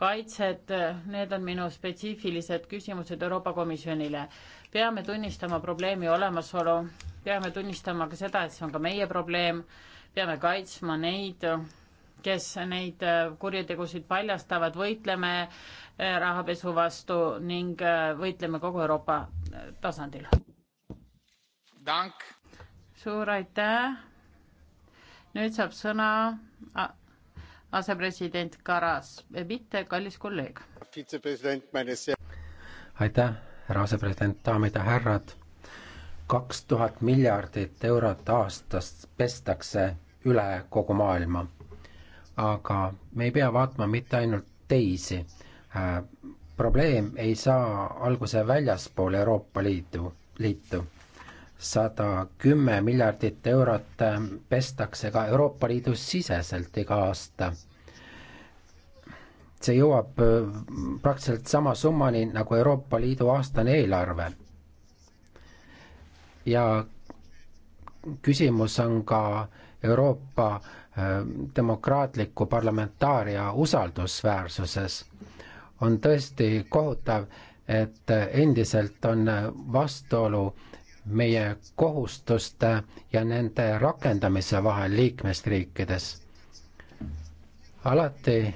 kaitset, need on minu spetsiifilised küsimused Euroopa Komisjonile. peame tunnistama probleemi olemasolu, peame tunnistama ka seda, et see on ka meie probleem, peame kaitsma neid, kes neid eh, kuritegusid paljastavad, võitleme rahapesu vastu ning võitleme kogu Euroopa tasandil. Dank suur aitäh. nüüd saab sõna asepresident Karas, mitte kallis kolleeg. aitäh, härra asepresident, daamid ja härrad. kaks tuhat miljardit eurot aastas pestakse üle kogu maailma. aga me ei pea vaatama mitte ainult teisi äh,. probleem ei saa alguse väljaspool Euroopa Liidu, liitu sada kümme miljardit eurot pestakse ka Euroopa Liidu siseselt iga aasta. see jõuab äh, praktiliselt sama summani nagu Euroopa Liidu aastane eelarve. ja küsimus on ka Euroopa äh, demokraatliku parlamentaaria usaldusväärsuses. on tõesti kohutav, et endiselt on vastuolu äh, meie kohustuste ja nende rakendamise vahel liikmesriikides. alati äh,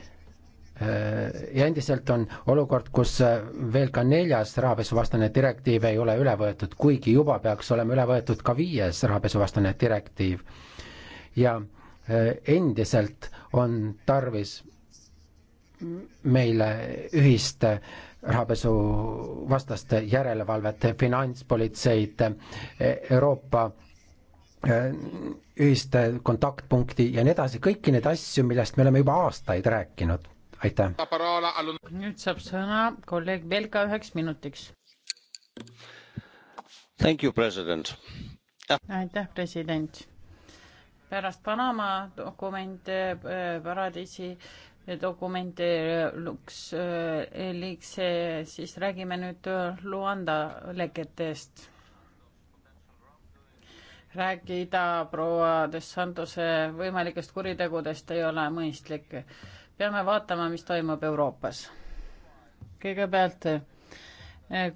ja endiselt on olukord, kus äh, veel ka neljas rahapesuvastane direktiiv ei ole üle võetud, kuigi juba peaks olema üle võetud ka viies rahapesuvastane direktiiv. ja äh, endiselt on tarvis meile ühist rahapesuvastaste järelevalvet, finantspolitseid, Euroopa eh, ühiste kontaktpunkti ja nii edasi, kõiki neid asju, millest me oleme juba aastaid rääkinud, aitäh. nüüd saab sõna kolleeg Belka üheks minutiks. Thank you, president. aitäh, president. pärast Panama dokumente eh, paradiisi äh, dokumente Lux eh, Leakse, eh, siis räägime nüüd eh, Luanda leketest. rääkida proua De Santose võimalikest kuritegudest ei ole mõistlik. peame vaatama, mis toimub Euroopas. kõigepealt,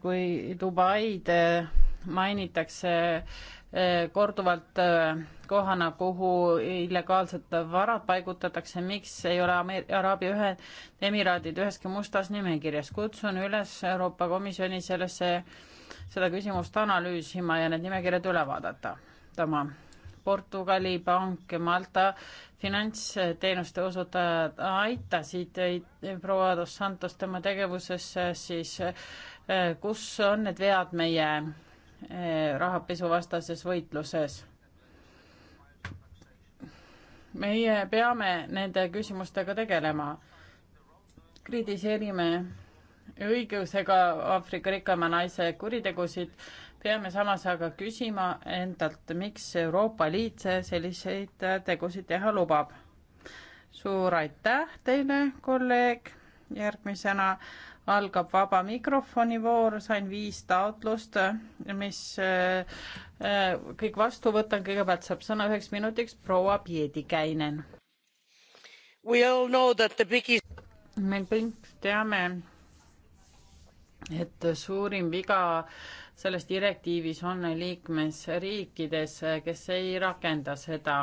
kui Dubaid mainitakse eh, korduvalt eh, kohana, kuhu illegaalsed varad paigutatakse, miks ei ole Araabia ühe, emiraadid üheski mustas nimekirjas. kutsun üles Euroopa Komisjoni sellesse, seda küsimust analüüsima ja need nimekirjad üle vaadata. tema Portugali pank, Malta finantsteenuste osutajad aitasid proua Dos Santos tema tegevuses, siis eh, kus on need vead meie rahapesuvastases võitluses. meie peame nende küsimustega tegelema. kritiseerime õigusega Aafrika rikkama naise kuritegusid, peame samas aga küsima endalt, miks Euroopa Liit selliseid tegusid teha lubab. suur aitäh teile, kolleeg, järgmisena algab vaba mikrofoni voor, sain viis taotlust, mis äh, äh, kõik vastu võtan, kõigepealt saab sõna üheks minutiks proua Piedikäinen. Biggest... me kõik teame, et suurim viga selles direktiivis on liikmesriikides, kes ei rakenda seda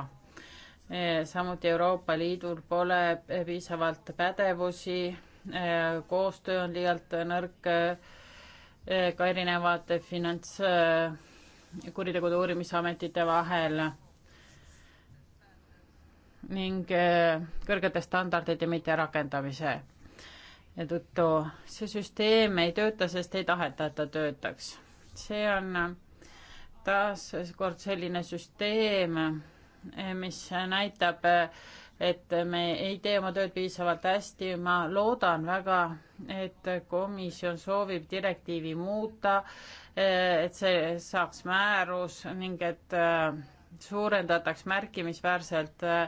samuti Euroopa Liidul pole piisavalt pädevusi Äh, koostöö on liialt nõrk, äh, ka erinevate finantskuritegude äh, uurimisametite vahel ning kõrgete standardite mitterakendamise tõttu see süsteem ei tööta, sest ei taheta, et ta töötaks. see on taaskord selline süsteem, mis näitab äh, et me ei tee oma tööd piisavalt hästi, ma loodan väga, et komisjon soovib direktiivi muuta, et see saaks määrus ning et äh, suurendataks märkimisväärselt äh,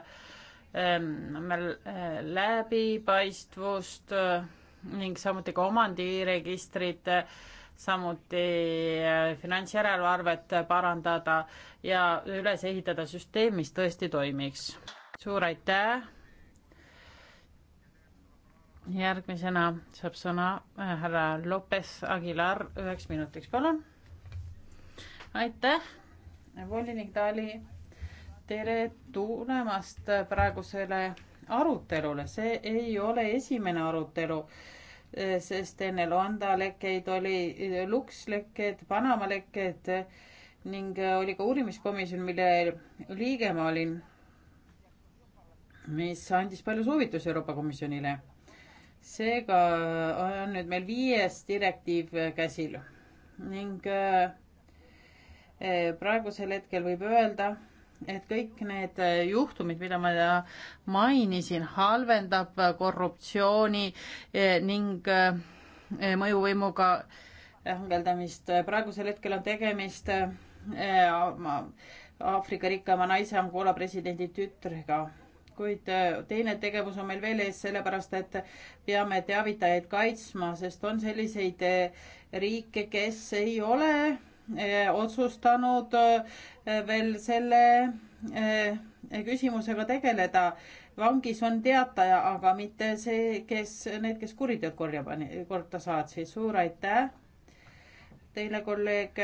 äh, läbipaistvust ning samuti ka omandiregistrit, samuti finantsjärelevalvet parandada ja üles ehitada süsteem, mis tõesti toimiks suur aitäh. järgmisena saab sõna äh, härra Lopes Aguilar üheks minutiks, palun. aitäh, volinik Dali. tere tulemast praegusele arutelule, see ei ole esimene arutelu äh, sest enne Luanda lekkeid oli äh, Lux lekked, Panama lekked ning oli ka uurimiskomisjon, mille liige ma olin mis andis palju soovitusi Euroopa Komisjonile. seega on nüüd meil viies direktiiv käsil ning äh, äh, praegusel hetkel võib öelda, et kõik need äh, juhtumid, mida ma mainisin, halvendab korruptsiooni ning mõjuvõimuga hangeldamist. praegusel hetkel on tegemist Aafrika rikkaima naise Angola presidendi tütrega kuid äh, teine tegevus on meil veel ees, sellepärast et peame teavitajaid kaitsma, sest on selliseid äh, riike, kes ei ole äh, otsustanud veel selle küsimusega tegeleda. vangis on teataja, aga mitte see, kes, need, kes kuriteod korja pani, korda saatsid. suur aitäh teile, kolleeg.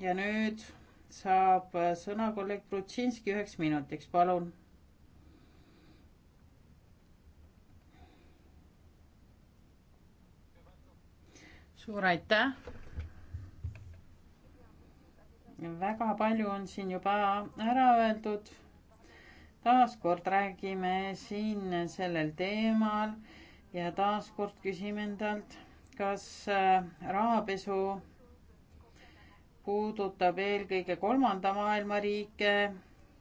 ja nüüd saab sõna kolleeg Brutšinski üheks minutiks, palun suur aitäh. väga palju on siin juba ära öeldud. taaskord räägime siin sellel teemal ja taaskord küsime endalt, kas äh, rahapesu puudutab eelkõige kolmanda maailma riike,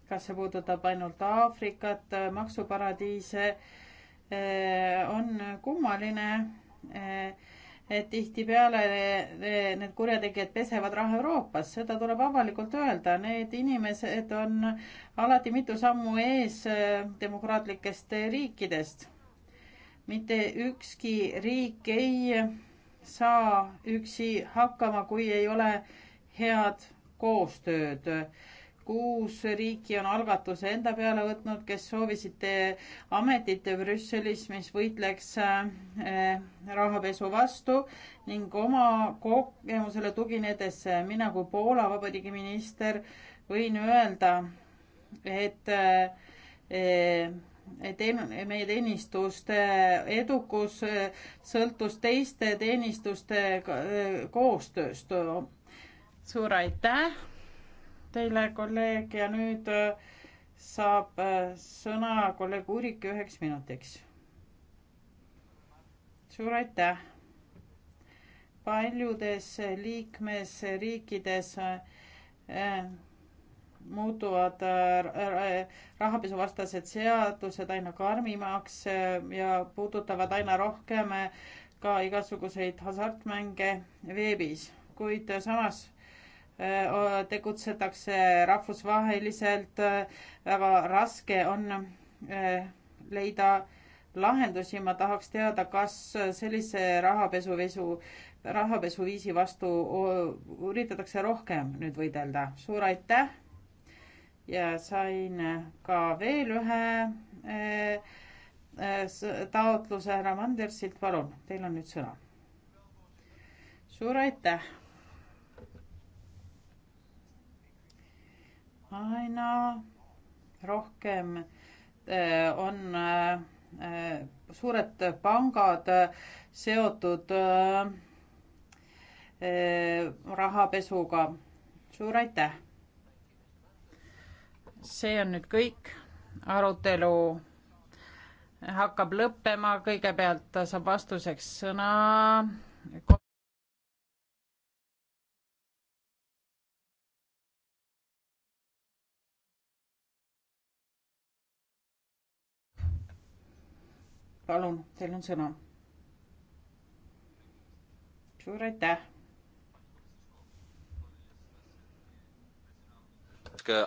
kas see puudutab ainult Aafrikat, maksuparadiise, äh, on kummaline äh, et tihtipeale eh, need kurjategijad pesevad raha Euroopas, seda tuleb avalikult öelda, need inimesed on alati mitu sammu ees eh, demokraatlikest riikidest. mitte ükski riik ei saa üksi hakkama, kui ei ole head koostööd kuus riiki on algatuse enda peale võtnud, kes soovisid ametit Brüsselis, mis võitleks äh, rahapesu vastu ning oma kogemusele tuginedes mina kui Poola vabariigi minister võin öelda, et äh, teen-, meie teenistuste edukus sõltus teiste teenistuste äh, koostööst. suur aitäh! teile, kolleeg, ja nüüd äh, saab äh, sõna kolleeg Uurik üheks minutiks. suur aitäh. paljudes liikmesriikides äh, muutuvad rahapesuvastased seadused aina karmimaks ja puudutavad aina rohkem ka igasuguseid hasartmänge veebis, kuid samas Äh, tegutsetakse rahvusvaheliselt, väga raske on äh, leida lahendusi, ma tahaks teada, kas sellise rahapesuvisu, rahapesuviisi vastu üritatakse rohkem nüüd võidelda. suur aitäh! ja sain ka veel ühe äh, taotluse härra Mandersilt, palun, teil on nüüd sõna. suur aitäh! aina rohkem äh, on äh, suured pangad äh, seotud rahapesuga. suur aitäh! see on nüüd kõik, arutelu hakkab lõppema, kõigepealt saab vastuseks sõna palun, teil on sõna. suur aitäh.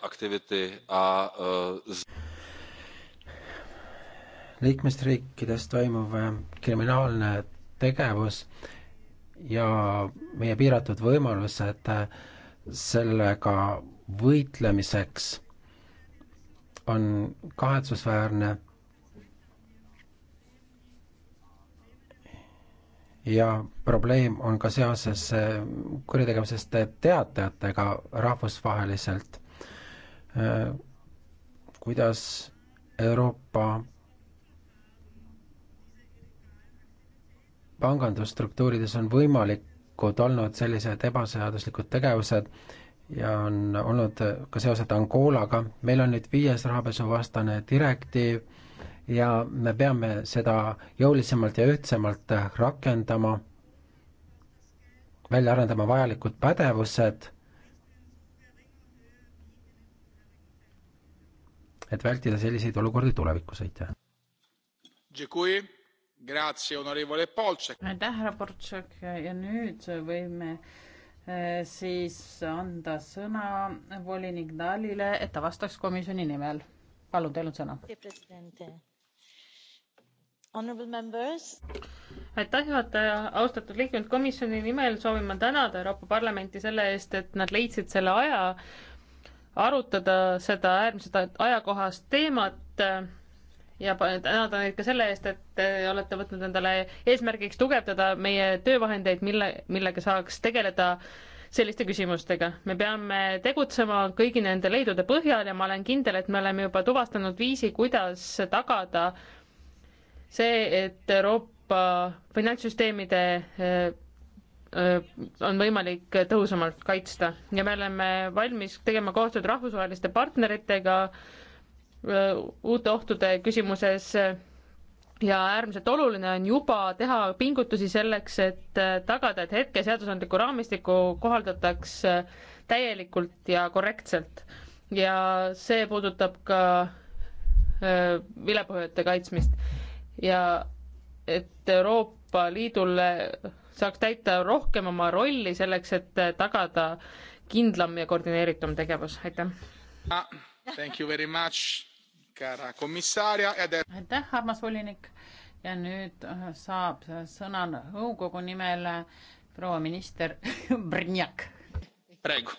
aktiviti a e, liikmesriikides toimuv e, kriminaalne tegevus ja meie piiratud võimalused e, sellega võitlemiseks on kahetsusväärne ja probleem on ka seoses äh, kuritegevusest teatajatega rahvusvaheliselt. Äh, kuidas Euroopa pangandusstruktuurides on võimalikud olnud sellised ebaseaduslikud tegevused ja on olnud ka seoses Angolaga, meil on nüüd viies rahapesuvastane direktiiv ja me peame seda jõulisemalt ja ühtsemalt rakendama, välja arendama vajalikud pädevused, et vältida selliseid olukordi tulevikus, aitäh. aitäh, härra Portšak ja nüüd võime eh, siis anda sõna volinik Dalile, et ta vastaks komisjoni nimel. palun, teil on sõna aitäh, juhataja, austatud liikmed, komisjoni nimel soovin ma tänada Euroopa Parlamenti selle eest, et nad leidsid selle aja arutada seda äärmiselt ajakohast teemat ja tänada neid ka selle eest, et te olete võtnud endale eesmärgiks tugevdada meie töövahendeid, mille, millega saaks tegeleda selliste küsimustega. me peame tegutsema kõigi nende leidude põhjal ja ma olen kindel, et me oleme juba tuvastanud viisi, kuidas tagada äh, see, et Euroopa finantssüsteemide eh, eh, on võimalik tõhusamalt kaitsta ja me oleme valmis tegema koostööd rahvusvaheliste partneritega eh, uute ohtude küsimuses ja äärmiselt oluline on juba teha pingutusi selleks, et tagada, et hetke seadusandliku raamistiku kohaldataks täielikult ja korrektselt. ja see puudutab ka vilepuhujate kaitsmist ja et Euroopa Liidule saaks täita rohkem oma rolli selleks, et tagada kindlam ja koordineeritum tegevus, aitäh. aitäh, armas volinik ja nüüd äh, saab sõna nõukogu nimel äh, proua minister [laughs] Brnjak. praegu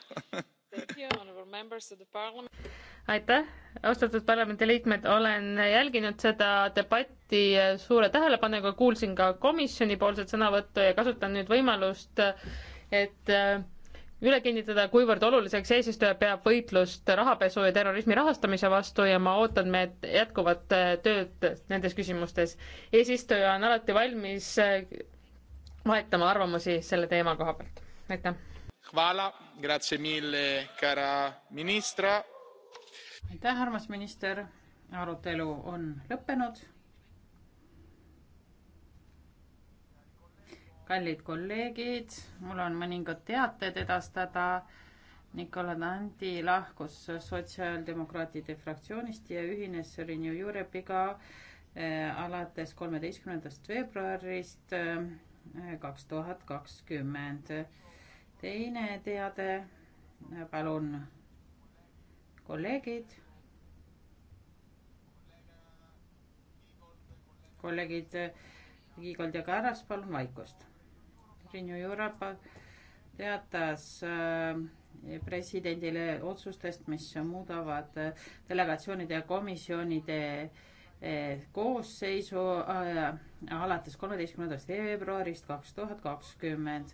aitäh, austatud parlamendiliikmed, olen jälginud seda debatti suure tähelepanuga, kuulsin ka komisjonipoolset sõnavõttu ja kasutan nüüd võimalust, et äh, üle kinnitada, kuivõrd oluliseks eesistuja peab võitlust rahapesu ja terrorismi rahastamise vastu ja ma ootan me jätkuvat äh, tööd nendes küsimustes. eesistuja on alati valmis äh, vahetama arvamusi selle teema koha pealt. aitäh! aitäh, armas minister, arutelu on lõppenud. kallid kolleegid, mul on mõningad teated edastada. Nicola Tanti lahkus sotsiaaldemokraatide fraktsioonist ja ühines Renew Europe'iga eh, alates kolmeteistkümnendast veebruarist eh, kaks tuhat kakskümmend. teine teade, palun kolleegid. kolleegid Kiigold eh, ja Karas, palun vaikust. Renew Euroopa teatas eh, presidendile otsustest, mis muudavad eh, delegatsioonide ja komisjonide koosseisu alates kolmeteistkümnendast veebruarist kaks tuhat kakskümmend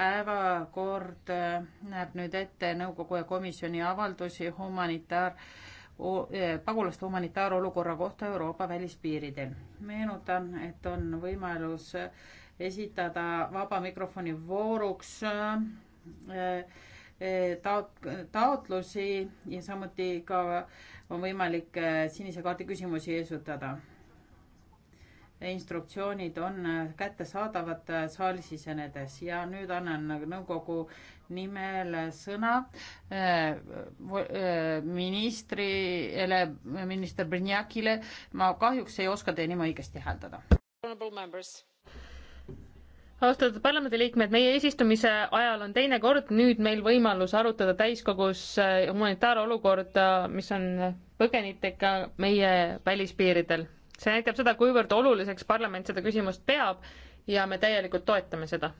päevakord äh, näeb nüüd ette nõukogu ja komisjoni avaldusi humanitaar, äh, pagulaste humanitaarolukorra kohta Euroopa välispiiridel. meenutan, et on võimalus äh, esitada vaba mikrofoni vooruks taot-, taotlusi ja samuti ka on võimalik sinise kaardi küsimusi esitada instruktsioonid on kättesaadavad saali sisenedes ja nüüd annan nõukogu nimel sõna eh, eh, ministrile, minister Brnjakile. ma kahjuks ei oska teie nime õigesti hääldada. austatud parlamendiliikmed, meie eesistumise ajal on teine kord nüüd meil võimalus arutada täiskogus eh, humanitaarolukorda, mis on põgenikega meie välispiiridel see näitab seda, kuivõrd oluliseks parlament seda küsimust peab ja me täielikult toetame seda.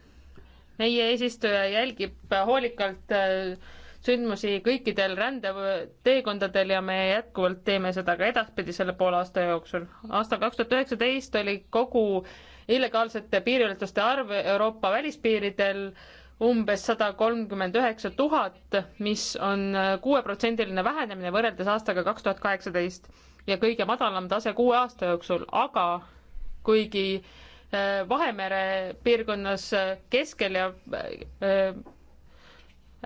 meie eesistuja jälgib hoolikalt äh, sündmusi kõikidel rändeteekondadel ja me jätkuvalt teeme seda ka edaspidi selle poole aasta jooksul. aastal kaks tuhat üheksateist oli kogu illegaalsete piiriületuste arv Euroopa välispiiridel umbes sada kolmkümmend üheksa tuhat, mis on äh, kuueprotsendiline vähenemine võrreldes aastaga kaks tuhat kaheksateist ja kõige madalam tase kuue aasta jooksul, aga kuigi äh, Vahemere piirkonnas äh, keskel ja äh,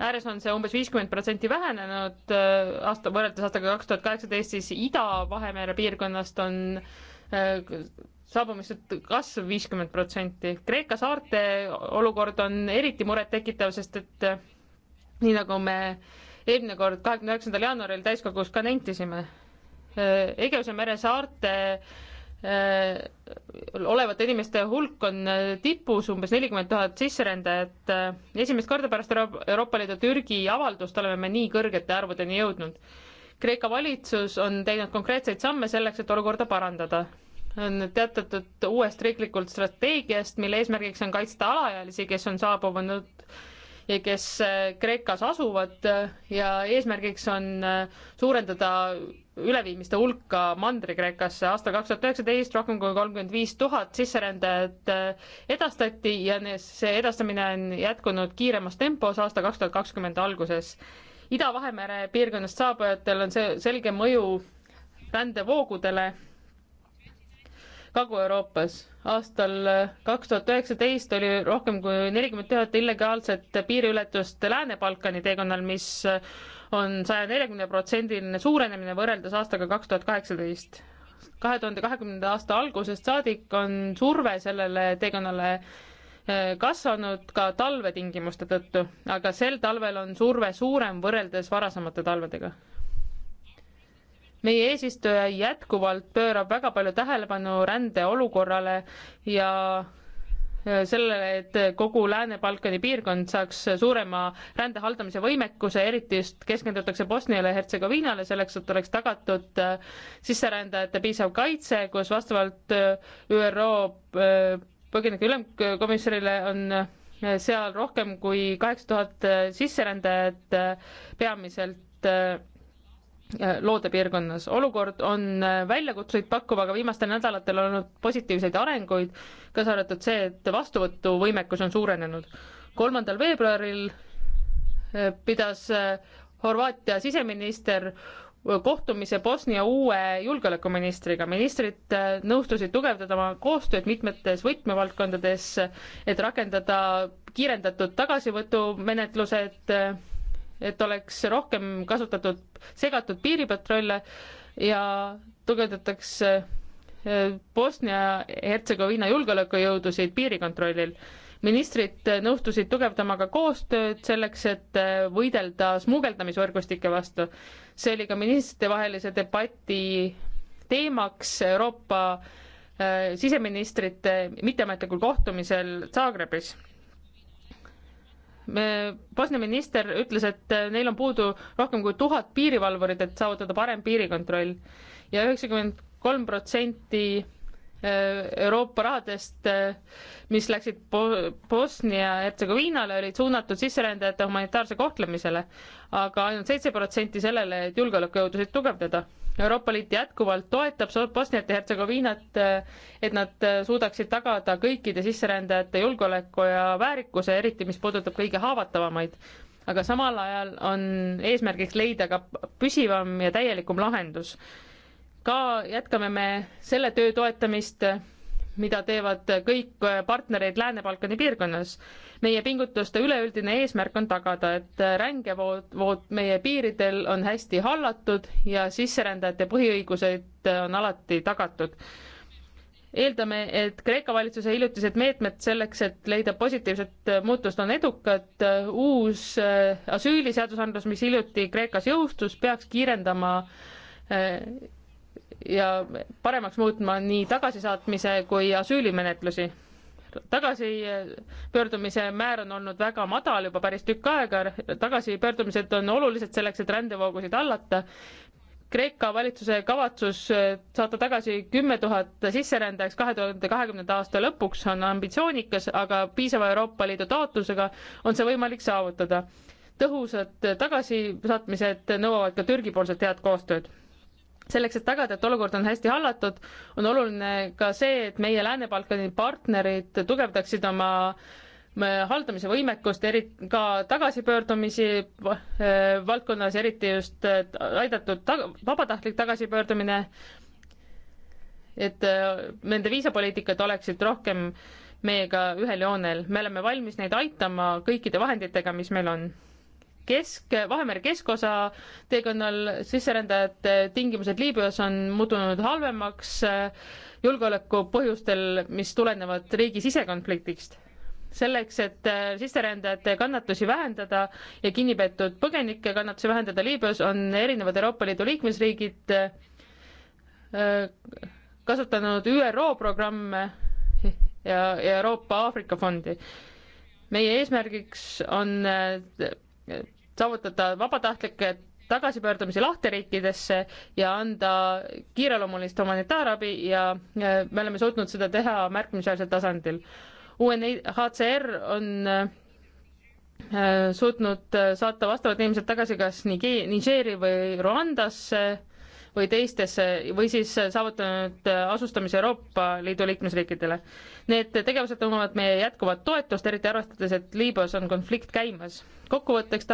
ääres on see umbes viiskümmend protsenti vähenenud aasta, võrreldes aastaga kaks tuhat kaheksateist, siis Ida-Vahemere piirkonnast on saabumiste kasv viiskümmend protsenti. Kreeka saarte olukord on eriti murettekitav, sest et nii nagu me eelmine kord, kahekümne üheksandal jaanuaril täiskogus ka nentisime Egeuse mere saarte äh, olevate inimeste hulk on äh, tipus, umbes nelikümmend tuhat sisserändajat. Äh, esimest korda pärast Euroopa Liidu Türgi avaldust oleme me nii kõrgete arvudeni jõudnud. Kreeka valitsus on teinud konkreetseid samme selleks, et olukorda parandada. on teatatud uuest riiklikult strateegiast, mille eesmärgiks on kaitsta alaealisi, kes on saabunud ja kes äh, Kreekas asuvad äh, ja eesmärgiks on äh, suurendada üleviimiste hulka Mandri-Kreekasse. aastal kaks tuhat üheksateist rohkem kui kolmkümmend viis tuhat sisserändajat edastati ja see edastamine on jätkunud kiiremas tempos aasta kaks tuhat kakskümmend alguses. Ida-Vahemere piirkonnast saabujatel on see selge mõju rändevoogudele Kagu-Euroopas. aastal äh, kaks tuhat üheksateist oli rohkem kui nelikümmend tuhat illegaalset piiriületust Lääne-Balkani teekonnal, mis äh, on saja neljakümne protsendiline suurenemine võrreldes aastaga kaks tuhat kaheksateist. kahe tuhande kahekümnenda aasta algusest saadik on surve sellele teekonnale äh, kasvanud ka talvetingimuste tõttu, aga sel talvel on surve suurem võrreldes varasemate talvedega meie eesistuja jätkuvalt pöörab väga palju tähelepanu rände olukorrale ja sellele, et kogu Lääne-Balkani piirkond saaks suurema rände haldamise võimekuse, eriti just keskendutakse Bosniale ja Hertsegoviinale, selleks et oleks tagatud äh, sisserändajate piisav kaitse, kus vastavalt äh, ÜRO äh, põgenike ülemkomissarile on seal rohkem kui kaheksa tuhat sisserändajat, peamiselt loodepiirkonnas. olukord on äh, väljakutseid pakkuv, aga viimastel nädalatel on olnud positiivseid arenguid, kaasa arvatud see, et vastuvõtuvõimekus on suurenenud. kolmandal veebruaril äh, pidas äh, Horvaatia siseminister kohtumise Bosnia uue julgeolekuministriga. ministrid nõustusid tugevdada oma koostööd mitmetes võtmevaldkondades, et rakendada kiirendatud tagasivõtumenetlused, et oleks rohkem kasutatud segatud piiripatrolle ja tugevdatakse eh, Bosnia-Hertsegoviina julgeolekujõudusid piirikontrollil. ministrid nõustusid tugevdama ka koostööd selleks, et eh, võidelda smugeldamisvõrgustike vastu. see oli ka ministritevahelise debati teemaks Euroopa eh, siseministrite mitteametlikul kohtumisel Zagrebis Bosnia minister ütles, et äh, neil on puudu rohkem kui tuhat piirivalvurit, et saavutada parem piirikontroll ja üheksakümmend kolm protsenti äh, Euroopa rahadest, äh, mis läksid Bosnia-Hertsegoviinale, olid suunatud sisserändajate humanitaarse kohtlemisele aga, aga ainult seitse protsenti sellele, et julgeolekujõudusid tugevdada Euroopa Liit jätkuvalt toetab Bosniat ja Hertsegoviinat, et nad suudaksid tagada kõikide sisserändajate julgeoleku ja väärikuse, eriti mis puudutab kõige haavatavamaid. aga samal ajal on eesmärgiks leida ka püsivam ja täielikum lahendus. ka jätkame me selle töö toetamist mida teevad kõik partnereid Lääne-Balkani piirkonnas. meie pingutuste üleüldine eesmärk on tagada, et rängevood, vood meie piiridel on hästi hallatud ja sisserändajate põhiõigused on alati tagatud. eeldame, et Kreeka valitsuse hiljutised meetmed selleks, et leida positiivset muutust, on edukad. uus asüüliseadusandlus, mis hiljuti Kreekas jõustus, peaks kiirendama ja paremaks muutma nii tagasisaatmise kui asüülimenetlusi. tagasipöördumise määr on olnud väga madal juba päris tükk aega, tagasipöördumised on olulised selleks, et rändevoogusid hallata. Kreeka valitsuse kavatsus saata tagasi kümme tuhat sisserändajaks kahe tuhande kahekümnenda aasta lõpuks on ambitsioonikas, aga piisava Euroopa Liidu taotlusega on see võimalik saavutada tõhusad tagasisaatmised nõuavad ka Türgi poolselt head koostööd selleks, et tagada, et olukord on hästi hallatud, on oluline ka see, et meie Lääne-Balkani partnerid tugevdaksid oma haldamise võimekust, eri-, ka tagasipöördumisi eh, valdkonnas, eriti just eh, aidatud tag-, vabatahtlik tagasipöördumine, et eh, nende viisapoliitikad oleksid rohkem meiega ühel joonel. me oleme valmis neid aitama kõikide vahenditega, mis meil on kesk, Vahemere keskosa teekonnal sisserändajate tingimused Liibüas on muutunud halvemaks äh, julgeoleku põhjustel, mis tulenevad riigi sisekonfliktist. selleks, et äh, sisserändajate kannatusi vähendada ja kinnipeetud põgenike kannatusi vähendada Liibüas, on erinevad Euroopa Liidu liikmesriigid äh, kasutanud ÜRO programme ja Euroopa Aafrika fondi. meie eesmärgiks on saavutada vabatahtlike tagasipöördumise lahteriikidesse ja anda kiireloomulist humanitaarabi ja me oleme suutnud seda teha märkimisväärsel tasandil. UNHCR on äh, suutnud saata vastavad inimesed tagasi kas Nigeeri või Rwandasse või teistesse või siis saavutanud asustamise Euroopa Liidu liikmesriikidele. Need tegevused omavad meie jätkuvat toetust, eriti arvestades, et Liibüas on konflikt käimas. kokkuvõtteks